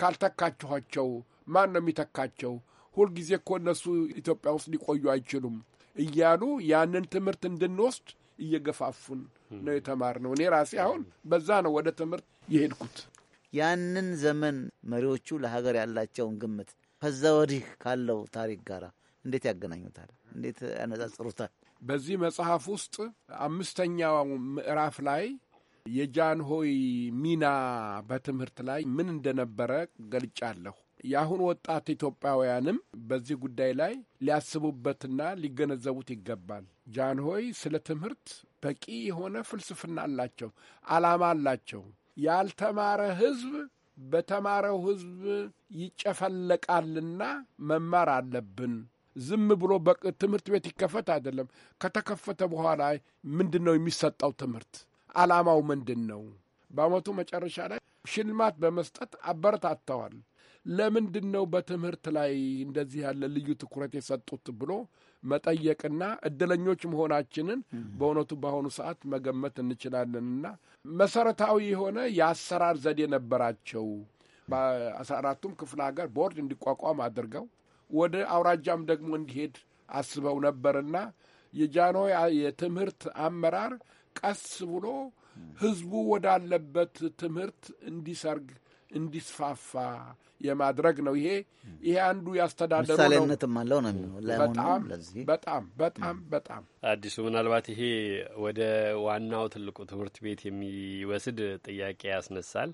ካልተካችኋቸው ማን ነው የሚተካቸው? ሁልጊዜ እኮ እነሱ ኢትዮጵያ ውስጥ ሊቆዩ አይችሉም እያሉ ያንን ትምህርት እንድንወስድ እየገፋፉን ነው የተማርነው። እኔ ራሴ አሁን በዛ ነው ወደ ትምህርት የሄድኩት። ያንን ዘመን መሪዎቹ ለሀገር ያላቸውን ግምት ከዛ ወዲህ ካለው ታሪክ ጋር እንዴት ያገናኙታል? እንዴት ያነጻጽሩታል? በዚህ መጽሐፍ ውስጥ አምስተኛው ምዕራፍ ላይ የጃንሆይ ሚና በትምህርት ላይ ምን እንደነበረ ገልጫለሁ። የአሁን ወጣት ኢትዮጵያውያንም በዚህ ጉዳይ ላይ ሊያስቡበትና ሊገነዘቡት ይገባል። ጃንሆይ ስለ ትምህርት በቂ የሆነ ፍልስፍና አላቸው፣ ዓላማ አላቸው። ያልተማረ ህዝብ በተማረው ህዝብ ይጨፈለቃልና መማር አለብን። ዝም ብሎ ትምህርት ቤት ይከፈት አይደለም። ከተከፈተ በኋላ ምንድን ነው የሚሰጠው ትምህርት? ዓላማው ምንድን ነው? በአመቱ መጨረሻ ላይ ሽልማት በመስጠት አበረታተዋል። ለምንድን ነው በትምህርት ላይ እንደዚህ ያለ ልዩ ትኩረት የሰጡት ብሎ መጠየቅና እድለኞች መሆናችንን በእውነቱ በአሁኑ ሰዓት መገመት እንችላለንና መሰረታዊ የሆነ የአሰራር ዘዴ ነበራቸው። በአስራ አራቱም ክፍለ ሀገር ቦርድ እንዲቋቋም አድርገው ወደ አውራጃም ደግሞ እንዲሄድ አስበው ነበርና የጃኖ የትምህርት አመራር ቀስ ብሎ ህዝቡ ወዳለበት ትምህርት እንዲሰርግ እንዲስፋፋ የማድረግ ነው። ይሄ ይሄ አንዱ ያስተዳደሩ ምሳሌነትም አለው ነው በጣም በጣም በጣም አዲሱ ምናልባት ይሄ ወደ ዋናው ትልቁ ትምህርት ቤት የሚወስድ ጥያቄ ያስነሳል።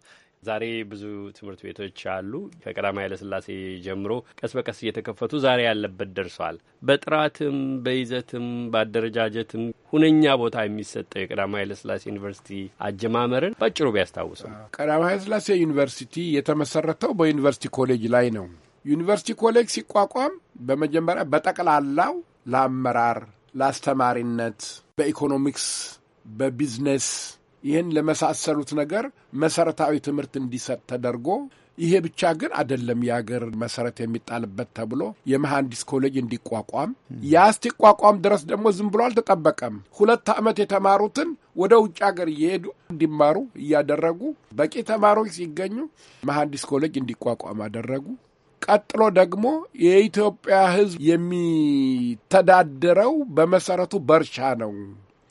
ዛሬ ብዙ ትምህርት ቤቶች አሉ። ከቀዳማዊ ኃይለስላሴ ጀምሮ ቀስ በቀስ እየተከፈቱ ዛሬ ያለበት ደርሷል። በጥራትም በይዘትም በአደረጃጀትም ሁነኛ ቦታ የሚሰጠው የቀዳማዊ ኃይለስላሴ ዩኒቨርሲቲ አጀማመርን ባጭሩ ቢያስታውሰው። ቀዳማዊ ኃይለስላሴ ዩኒቨርሲቲ የተመሰረተው በዩኒቨርሲቲ ኮሌጅ ላይ ነው። ዩኒቨርሲቲ ኮሌጅ ሲቋቋም በመጀመሪያ በጠቅላላው ለአመራር፣ ለአስተማሪነት፣ በኢኮኖሚክስ፣ በቢዝነስ ይህን ለመሳሰሉት ነገር መሰረታዊ ትምህርት እንዲሰጥ ተደርጎ ይሄ ብቻ ግን አደለም የሀገር መሰረት የሚጣልበት ተብሎ የመሐንዲስ ኮሌጅ እንዲቋቋም ያ እስኪቋቋም ድረስ ደግሞ ዝም ብሎ አልተጠበቀም። ሁለት ዓመት የተማሩትን ወደ ውጭ ሀገር እየሄዱ እንዲማሩ እያደረጉ በቂ ተማሪዎች ሲገኙ መሐንዲስ ኮሌጅ እንዲቋቋም አደረጉ። ቀጥሎ ደግሞ የኢትዮጵያ ሕዝብ የሚተዳደረው በመሰረቱ በእርሻ ነው።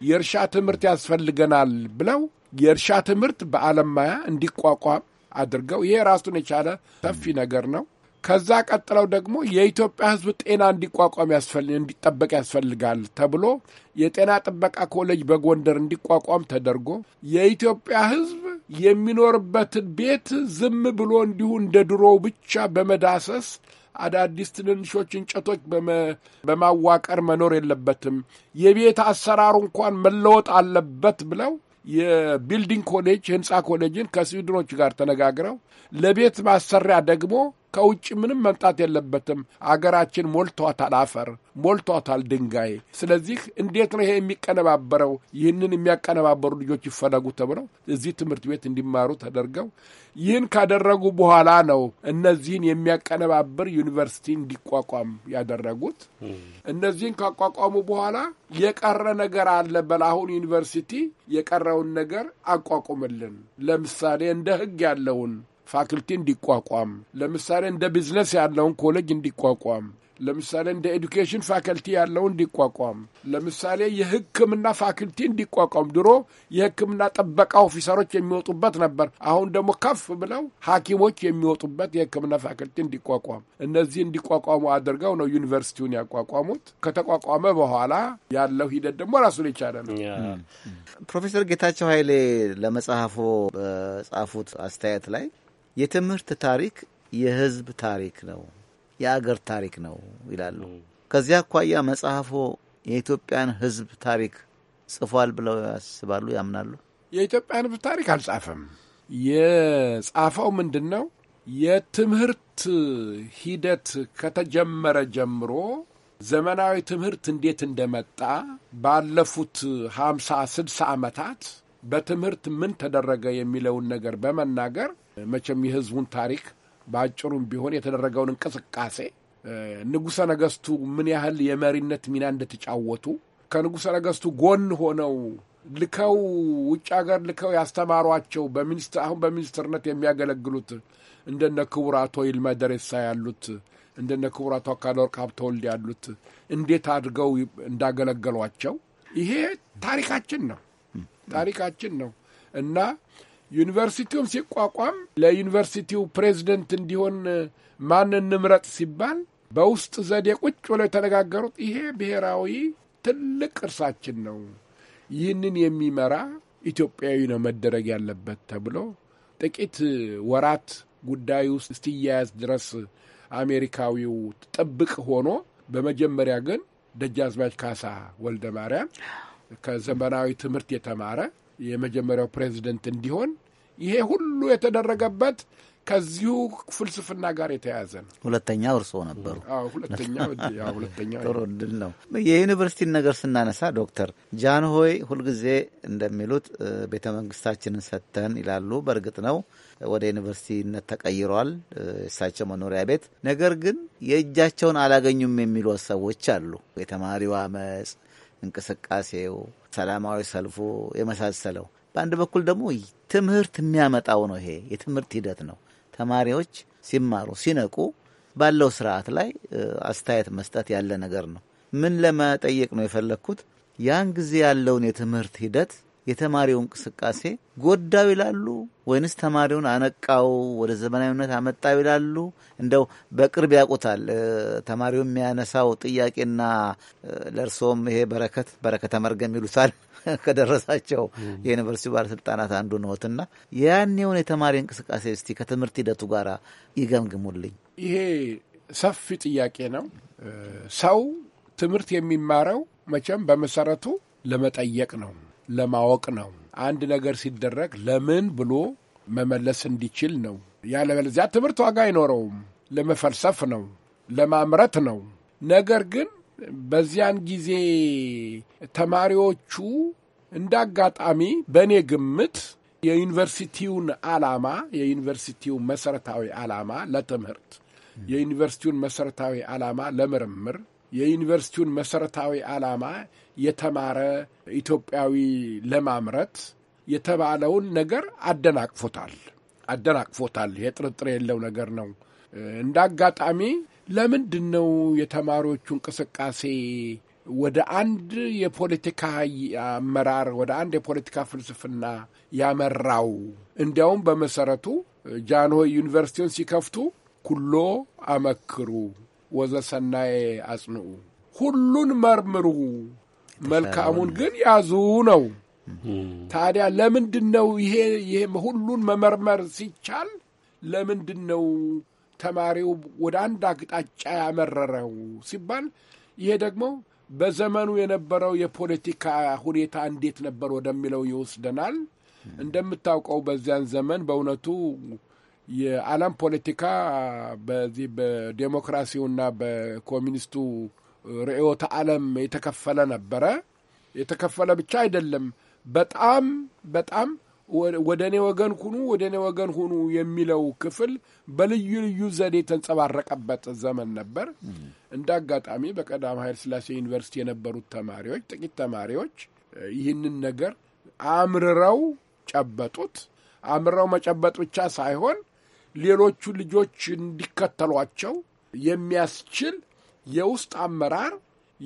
የእርሻ ትምህርት ያስፈልገናል ብለው የእርሻ ትምህርት በአለማያ እንዲቋቋም አድርገው ይሄ ራሱን የቻለ ሰፊ ነገር ነው። ከዛ ቀጥለው ደግሞ የኢትዮጵያ ሕዝብ ጤና እንዲቋቋም እንዲጠበቅ ያስፈልጋል ተብሎ የጤና ጥበቃ ኮሌጅ በጎንደር እንዲቋቋም ተደርጎ የኢትዮጵያ ሕዝብ የሚኖርበትን ቤት ዝም ብሎ እንዲሁ እንደ ድሮው ብቻ በመዳሰስ አዳዲስ ትንንሾች እንጨቶች በማዋቀር መኖር የለበትም፣ የቤት አሰራሩ እንኳን መለወጥ አለበት ብለው የቢልዲንግ ኮሌጅ ህንፃ ኮሌጅን ከስዊድኖች ጋር ተነጋግረው ለቤት ማሰሪያ ደግሞ ከውጭ ምንም መምጣት የለበትም። አገራችን ሞልቷታል፣ አፈር ሞልቷታል፣ ድንጋይ። ስለዚህ እንዴት ነው ይሄ የሚቀነባበረው? ይህንን የሚያቀነባበሩ ልጆች ይፈለጉ ተብለው እዚህ ትምህርት ቤት እንዲማሩ ተደርገው ይህን ካደረጉ በኋላ ነው እነዚህን የሚያቀነባብር ዩኒቨርሲቲ እንዲቋቋም ያደረጉት። እነዚህን ካቋቋሙ በኋላ የቀረ ነገር አለ በላአሁን ዩኒቨርሲቲ የቀረውን ነገር አቋቁምልን፣ ለምሳሌ እንደ ህግ ያለውን ፋክልቲ እንዲቋቋም ለምሳሌ እንደ ቢዝነስ ያለውን ኮሌጅ እንዲቋቋም ለምሳሌ እንደ ኤዱኬሽን ፋከልቲ ያለው እንዲቋቋም ለምሳሌ የሕክምና ፋክልቲ እንዲቋቋም። ድሮ የሕክምና ጥበቃ ኦፊሰሮች የሚወጡበት ነበር። አሁን ደግሞ ከፍ ብለው ሐኪሞች የሚወጡበት የሕክምና ፋክልቲ እንዲቋቋም፣ እነዚህ እንዲቋቋሙ አድርገው ነው ዩኒቨርሲቲውን ያቋቋሙት። ከተቋቋመ በኋላ ያለው ሂደት ደግሞ ራሱን የቻለ ነው። ፕሮፌሰር ጌታቸው ኃይሌ ለመጽሐፎ በጻፉት አስተያየት ላይ የትምህርት ታሪክ የህዝብ ታሪክ ነው፣ የአገር ታሪክ ነው ይላሉ። ከዚያ አኳያ መጽሐፎ የኢትዮጵያን ህዝብ ታሪክ ጽፏል ብለው ያስባሉ፣ ያምናሉ? የኢትዮጵያን ህዝብ ታሪክ አልጻፈም። የጻፈው ምንድን ነው? የትምህርት ሂደት ከተጀመረ ጀምሮ ዘመናዊ ትምህርት እንዴት እንደመጣ ባለፉት ሀምሳ ስድሳ ዓመታት በትምህርት ምን ተደረገ የሚለውን ነገር በመናገር መቼም የህዝቡን ታሪክ በአጭሩም ቢሆን የተደረገውን እንቅስቃሴ ንጉሠ ነገሥቱ ምን ያህል የመሪነት ሚና እንደተጫወቱ ከንጉሠ ነገሥቱ ጎን ሆነው ልከው ውጭ ሀገር ልከው ያስተማሯቸው በሚኒስትር አሁን በሚኒስትርነት የሚያገለግሉት እንደነ ክቡር አቶ ይልማ ደሬሳ ያሉት እንደነ ክቡር አቶ አካለወርቅ ሀብተወልድ ያሉት እንዴት አድርገው እንዳገለገሏቸው ይሄ ታሪካችን ነው ታሪካችን ነው እና ዩኒቨርሲቲውም ሲቋቋም ለዩኒቨርሲቲው ፕሬዚደንት እንዲሆን ማን እንምረጥ ሲባል በውስጥ ዘዴ ቁጭ ብለው የተነጋገሩት ይሄ ብሔራዊ ትልቅ እርሳችን ነው፣ ይህንን የሚመራ ኢትዮጵያዊ ነው መደረግ ያለበት ተብሎ ጥቂት ወራት ጉዳዩ እስኪያያዝ ድረስ አሜሪካዊው ጥብቅ ሆኖ በመጀመሪያ ግን ደጃዝማች ካሳ ወልደ ማርያም ከዘመናዊ ትምህርት የተማረ የመጀመሪያው ፕሬዚደንት እንዲሆን ይሄ ሁሉ የተደረገበት ከዚሁ ፍልስፍና ጋር የተያያዘ ነው። ሁለተኛ እርስዎ ነበሩ። ሁለተኛ ጥሩ እድል ነው። የዩኒቨርሲቲን ነገር ስናነሳ ዶክተር ጃንሆይ ሁልጊዜ እንደሚሉት ቤተ መንግስታችንን ሰጥተን ይላሉ። በእርግጥ ነው ወደ ዩኒቨርሲቲነት ተቀይሯል የእሳቸው መኖሪያ ቤት። ነገር ግን የእጃቸውን አላገኙም የሚሉ ሰዎች አሉ። የተማሪው አመፅ እንቅስቃሴው፣ ሰላማዊ ሰልፉ የመሳሰለው በአንድ በኩል ደግሞ ትምህርት የሚያመጣው ነው። ይሄ የትምህርት ሂደት ነው። ተማሪዎች ሲማሩ ሲነቁ ባለው ስርዓት ላይ አስተያየት መስጠት ያለ ነገር ነው። ምን ለመጠየቅ ነው የፈለግኩት? ያን ጊዜ ያለውን የትምህርት ሂደት የተማሪው እንቅስቃሴ ጎዳው ይላሉ ወይንስ ተማሪውን አነቃው ወደ ዘመናዊነት አመጣው ይላሉ? እንደው በቅርብ ያውቁታል ተማሪው የሚያነሳው ጥያቄና ለእርስዎም ይሄ በረከት በረከተ መርገም ይሉታል (laughs) ከደረሳቸው የዩኒቨርሲቲ ባለስልጣናት አንዱ ነዎትና ያኔውን የተማሪ እንቅስቃሴ እስቲ ከትምህርት ሂደቱ ጋር ይገምግሙልኝ። ይሄ ሰፊ ጥያቄ ነው። ሰው ትምህርት የሚማረው መቼም በመሰረቱ ለመጠየቅ ነው። ለማወቅ ነው። አንድ ነገር ሲደረግ ለምን ብሎ መመለስ እንዲችል ነው። ያለበለዚያ ትምህርት ዋጋ አይኖረውም። ለመፈልሰፍ ነው፣ ለማምረት ነው። ነገር ግን በዚያን ጊዜ ተማሪዎቹ እንደ አጋጣሚ በእኔ ግምት የዩኒቨርሲቲውን ዓላማ የዩኒቨርሲቲው መሰረታዊ ዓላማ ለትምህርት የዩኒቨርሲቲውን መሰረታዊ ዓላማ ለምርምር የዩኒቨርሲቲውን መሰረታዊ ዓላማ የተማረ ኢትዮጵያዊ ለማምረት የተባለውን ነገር አደናቅፎታል አደናቅፎታል። የጥርጥር የለው ነገር ነው። እንደ አጋጣሚ ለምንድን ነው የተማሪዎቹ እንቅስቃሴ ወደ አንድ የፖለቲካ አመራር ወደ አንድ የፖለቲካ ፍልስፍና ያመራው? እንዲያውም በመሰረቱ ጃንሆይ ዩኒቨርሲቲውን ሲከፍቱ ኩሎ አመክሩ ወዘሰናዬ አጽንዑ፣ ሁሉን መርምሩ መልካሙን ግን ያዙ ነው። ታዲያ ለምንድን ነው ይሄ ይሄ ሁሉን መመርመር ሲቻል ለምንድን ነው ተማሪው ወደ አንድ አቅጣጫ ያመረረው ሲባል ይሄ ደግሞ በዘመኑ የነበረው የፖለቲካ ሁኔታ እንዴት ነበር ወደሚለው ይወስደናል። እንደምታውቀው በዚያን ዘመን በእውነቱ የዓለም ፖለቲካ በዚህ በዴሞክራሲውና በኮሚኒስቱ ርዕዮተ ዓለም የተከፈለ ነበረ። የተከፈለ ብቻ አይደለም፣ በጣም በጣም ወደ እኔ ወገን ሁኑ፣ ወደ እኔ ወገን ሁኑ የሚለው ክፍል በልዩ ልዩ ዘዴ የተንጸባረቀበት ዘመን ነበር። እንደ አጋጣሚ በቀዳማዊ ኃይለ ሥላሴ ዩኒቨርሲቲ የነበሩት ተማሪዎች፣ ጥቂት ተማሪዎች ይህንን ነገር አምርረው ጨበጡት። አምረው መጨበጥ ብቻ ሳይሆን ሌሎቹ ልጆች እንዲከተሏቸው የሚያስችል የውስጥ አመራር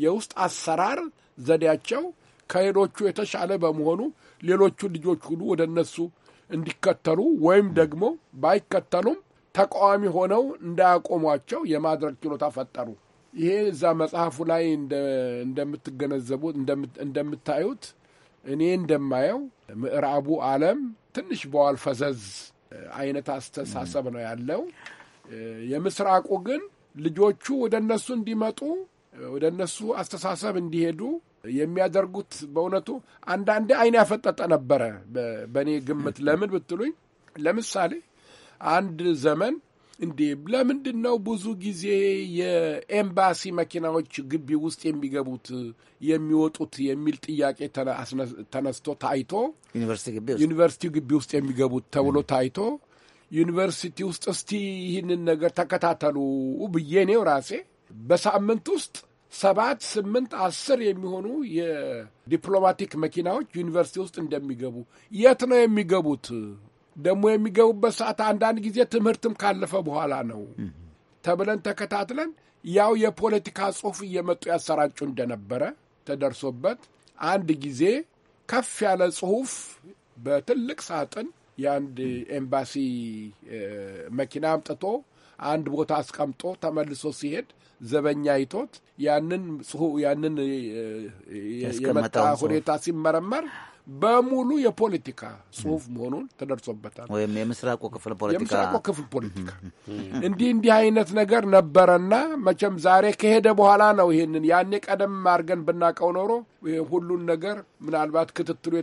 የውስጥ አሰራር ዘዴያቸው ከሌሎቹ የተሻለ በመሆኑ ሌሎቹ ልጆች ሁሉ ወደ እነሱ እንዲከተሉ ወይም ደግሞ ባይከተሉም ተቃዋሚ ሆነው እንዳያቆሟቸው የማድረግ ችሎታ ፈጠሩ። ይሄ እዛ መጽሐፉ ላይ እንደምትገነዘቡት እንደምታዩት እኔ እንደማየው ምዕራቡ ዓለም ትንሽ በዋል ፈዘዝ አይነት አስተሳሰብ ነው ያለው። የምስራቁ ግን ልጆቹ ወደ እነሱ እንዲመጡ ወደ እነሱ አስተሳሰብ እንዲሄዱ የሚያደርጉት በእውነቱ አንዳንዴ አይን ያፈጠጠ ነበረ። በእኔ ግምት ለምን ብትሉኝ፣ ለምሳሌ አንድ ዘመን እንዴ ለምንድን ነው ብዙ ጊዜ የኤምባሲ መኪናዎች ግቢ ውስጥ የሚገቡት የሚወጡት የሚል ጥያቄ ተነስቶ ታይቶ ዩኒቨርሲቲ ግቢ ውስጥ የሚገቡት ተብሎ ታይቶ ዩኒቨርሲቲ ውስጥ እስቲ ይህንን ነገር ተከታተሉ ብዬ እኔው ራሴ በሳምንት ውስጥ ሰባት ስምንት አስር የሚሆኑ የዲፕሎማቲክ መኪናዎች ዩኒቨርሲቲ ውስጥ እንደሚገቡ የት ነው የሚገቡት ደግሞ የሚገቡበት ሰዓት አንዳንድ ጊዜ ትምህርትም ካለፈ በኋላ ነው ተብለን ተከታትለን ያው የፖለቲካ ጽሑፍ እየመጡ ያሰራጩ እንደነበረ ተደርሶበት አንድ ጊዜ ከፍ ያለ ጽሑፍ በትልቅ ሳጥን የአንድ ኤምባሲ መኪና አምጥቶ አንድ ቦታ አስቀምጦ ተመልሶ ሲሄድ ዘበኛ አይቶት ያንን ያንን የመጣ ሁኔታ ሲመረመር በሙሉ የፖለቲካ ጽሁፍ መሆኑን ተደርሶበታል። ወይም የምስራቁ ክፍል ፖለቲካ የምስራቁ ክፍል ፖለቲካ እንዲህ እንዲህ አይነት ነገር ነበረና መቼም ዛሬ ከሄደ በኋላ ነው ይህንን ያኔ ቀደም አድርገን ብናቀው ኖሮ ሁሉን ነገር ምናልባት ክትትሉ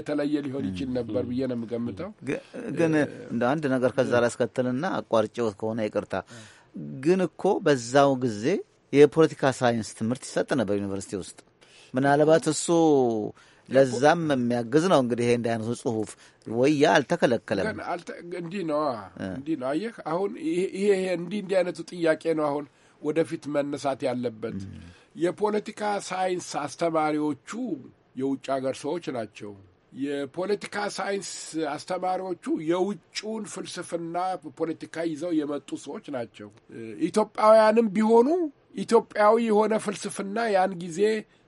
የተለየ ሊሆን ይችል ነበር ብዬ ነው የምገምተው። ግን እንደ አንድ ነገር ከዛ ላስከትልና አቋርጬው ከሆነ ይቅርታ። ግን እኮ በዛው ጊዜ የፖለቲካ ሳይንስ ትምህርት ይሰጥ ነበር ዩኒቨርሲቲ ውስጥ ምናልባት እሱ ለዛም የሚያግዝ ነው እንግዲህ ይሄ እንዲህ አይነቱ ጽሁፍ ወያ አልተከለከለም። እንዲህ ነው እንዲህ ነው አየህ። አሁን ይሄ እንዲህ እንዲህ አይነቱ ጥያቄ ነው አሁን ወደፊት መነሳት ያለበት። የፖለቲካ ሳይንስ አስተማሪዎቹ የውጭ ሀገር ሰዎች ናቸው። የፖለቲካ ሳይንስ አስተማሪዎቹ የውጭውን ፍልስፍና ፖለቲካ ይዘው የመጡ ሰዎች ናቸው። ኢትዮጵያውያንም ቢሆኑ ኢትዮጵያዊ የሆነ ፍልስፍና ያን ጊዜ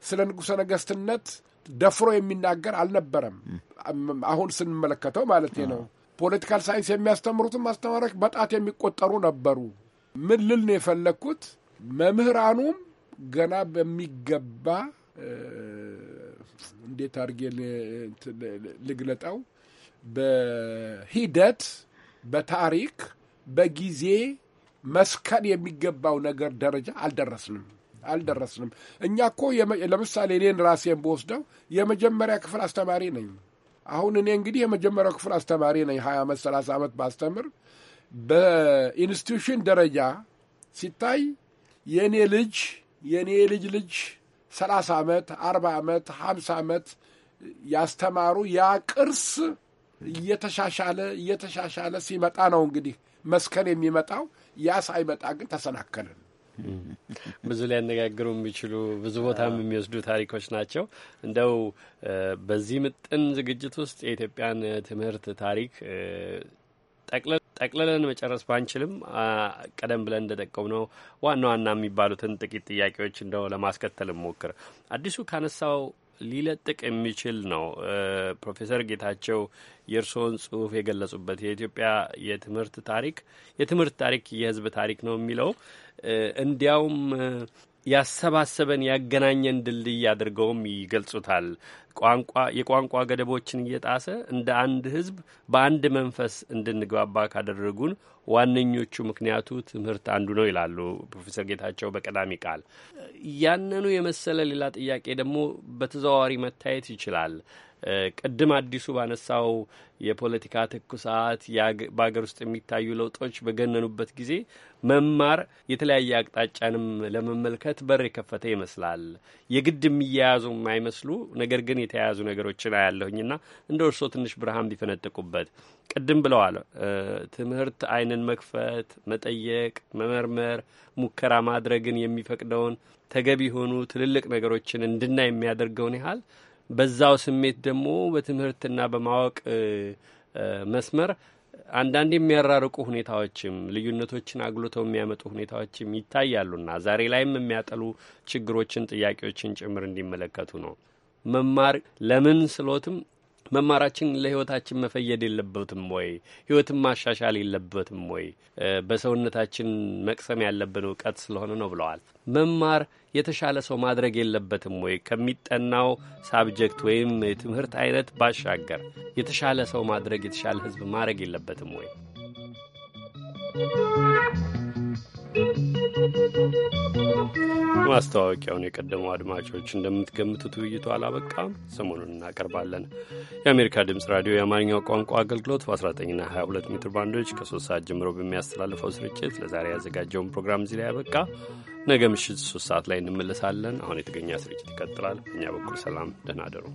ስለ ንጉሠ ነገሥትነት ደፍሮ የሚናገር አልነበረም። አሁን ስንመለከተው ማለት ነው። ፖለቲካል ሳይንስ የሚያስተምሩትም አስተማሪዎች በጣት የሚቆጠሩ ነበሩ። ምን ልል ነው የፈለግኩት፣ መምህራኑም ገና በሚገባ እንዴት አድርጌ ልግለጠው፣ በሂደት በታሪክ በጊዜ መስከን የሚገባው ነገር ደረጃ አልደረስንም። አልደረስንም። እኛ እኮ ለምሳሌ እኔን ራሴን ብወስደው የመጀመሪያ ክፍል አስተማሪ ነኝ። አሁን እኔ እንግዲህ የመጀመሪያው ክፍል አስተማሪ ነኝ። ሀያ ዓመት ሰላሳ ዓመት ባስተምር በኢንስቲቱሽን ደረጃ ሲታይ የእኔ ልጅ የእኔ ልጅ ልጅ ሰላሳ ዓመት አርባ ዓመት ሀምሳ ዓመት ያስተማሩ ያ ቅርስ እየተሻሻለ እየተሻሻለ ሲመጣ ነው እንግዲህ መስከን የሚመጣው ያ ሳይመጣ ግን ተሰናከልን። (laughs) ብዙ ሊያነጋግሩ የሚችሉ ብዙ ቦታም የሚወስዱ ታሪኮች ናቸው። እንደው በዚህ ምጥን ዝግጅት ውስጥ የኢትዮጵያን ትምህርት ታሪክ ጠቅልለን መጨረስ ባንችልም ቀደም ብለን ነው ዋና ዋና የሚባሉትን ጥቂት ጥያቄዎች እንደው ለማስከተል ሞክር። አዲሱ ካነሳው ሊለጥቅ የሚችል ነው። ፕሮፌሰር ጌታቸው የእርስዎን ጽሁፍ የገለጹበት የኢትዮጵያ የትምህርት ታሪክ የትምህርት ታሪክ የህዝብ ታሪክ ነው የሚለው እንዲያውም ያሰባሰበን ያገናኘን ድልድይ አድርገውም ይገልጹታል። ቋንቋ የቋንቋ ገደቦችን እየጣሰ እንደ አንድ ሕዝብ በአንድ መንፈስ እንድንግባባ ካደረጉን ዋነኞቹ ምክንያቱ ትምህርት አንዱ ነው ይላሉ ፕሮፌሰር ጌታቸው በቀዳሚ ቃል። ያንኑ የመሰለ ሌላ ጥያቄ ደግሞ በተዘዋዋሪ መታየት ይችላል። ቅድም አዲሱ ባነሳው የፖለቲካ ትኩሳት በሀገር ውስጥ የሚታዩ ለውጦች በገነኑበት ጊዜ መማር የተለያየ አቅጣጫንም ለመመልከት በር የከፈተ ይመስላል። የግድ የሚያያዙ የማይመስሉ ነገር ግን የተያያዙ ነገሮችን አያለሁኝና እንደ እርሶ ትንሽ ብርሃን ቢፈነጥቁበት። ቅድም ብለዋል፣ ትምህርት አይንን መክፈት፣ መጠየቅ፣ መመርመር፣ ሙከራ ማድረግን የሚፈቅደውን ተገቢ የሆኑ ትልልቅ ነገሮችን እንድና የሚያደርገውን ያህል በዛው ስሜት ደግሞ በትምህርትና በማወቅ መስመር አንዳንድ የሚያራርቁ ሁኔታዎችም ልዩነቶችን አግሎተው የሚያመጡ ሁኔታዎችም ይታያሉና ዛሬ ላይም የሚያጠሉ ችግሮችን፣ ጥያቄዎችን ጭምር እንዲመለከቱ ነው። መማር ለምን ስሎትም መማራችን ለህይወታችን መፈየድ የለበትም ወይ? ህይወትን ማሻሻል የለበትም ወይ? በሰውነታችን መቅሰም ያለብን እውቀት ስለሆነ ነው ብለዋል። መማር የተሻለ ሰው ማድረግ የለበትም ወይ? ከሚጠናው ሳብጀክት ወይም የትምህርት አይነት ባሻገር የተሻለ ሰው ማድረግ የተሻለ ህዝብ ማድረግ የለበትም ወይ? ማስታወቂያውን የቀደሙ አድማጮች እንደምትገምቱት ውይይቱ አላበቃም፣ ሰሞኑን እናቀርባለን። የአሜሪካ ድምፅ ራዲዮ የአማርኛው ቋንቋ አገልግሎት በ19ና 22 ሜትር ባንዶች ከ3 ሰዓት ጀምሮ በሚያስተላልፈው ስርጭት ለዛሬ ያዘጋጀውን ፕሮግራም እዚህ ላይ ያበቃ። ነገ ምሽት ሶስት ሰዓት ላይ እንመለሳለን። አሁን የተገኘ ስርጭት ይቀጥላል። እኛ በኩል ሰላም፣ ደህና አደሩ።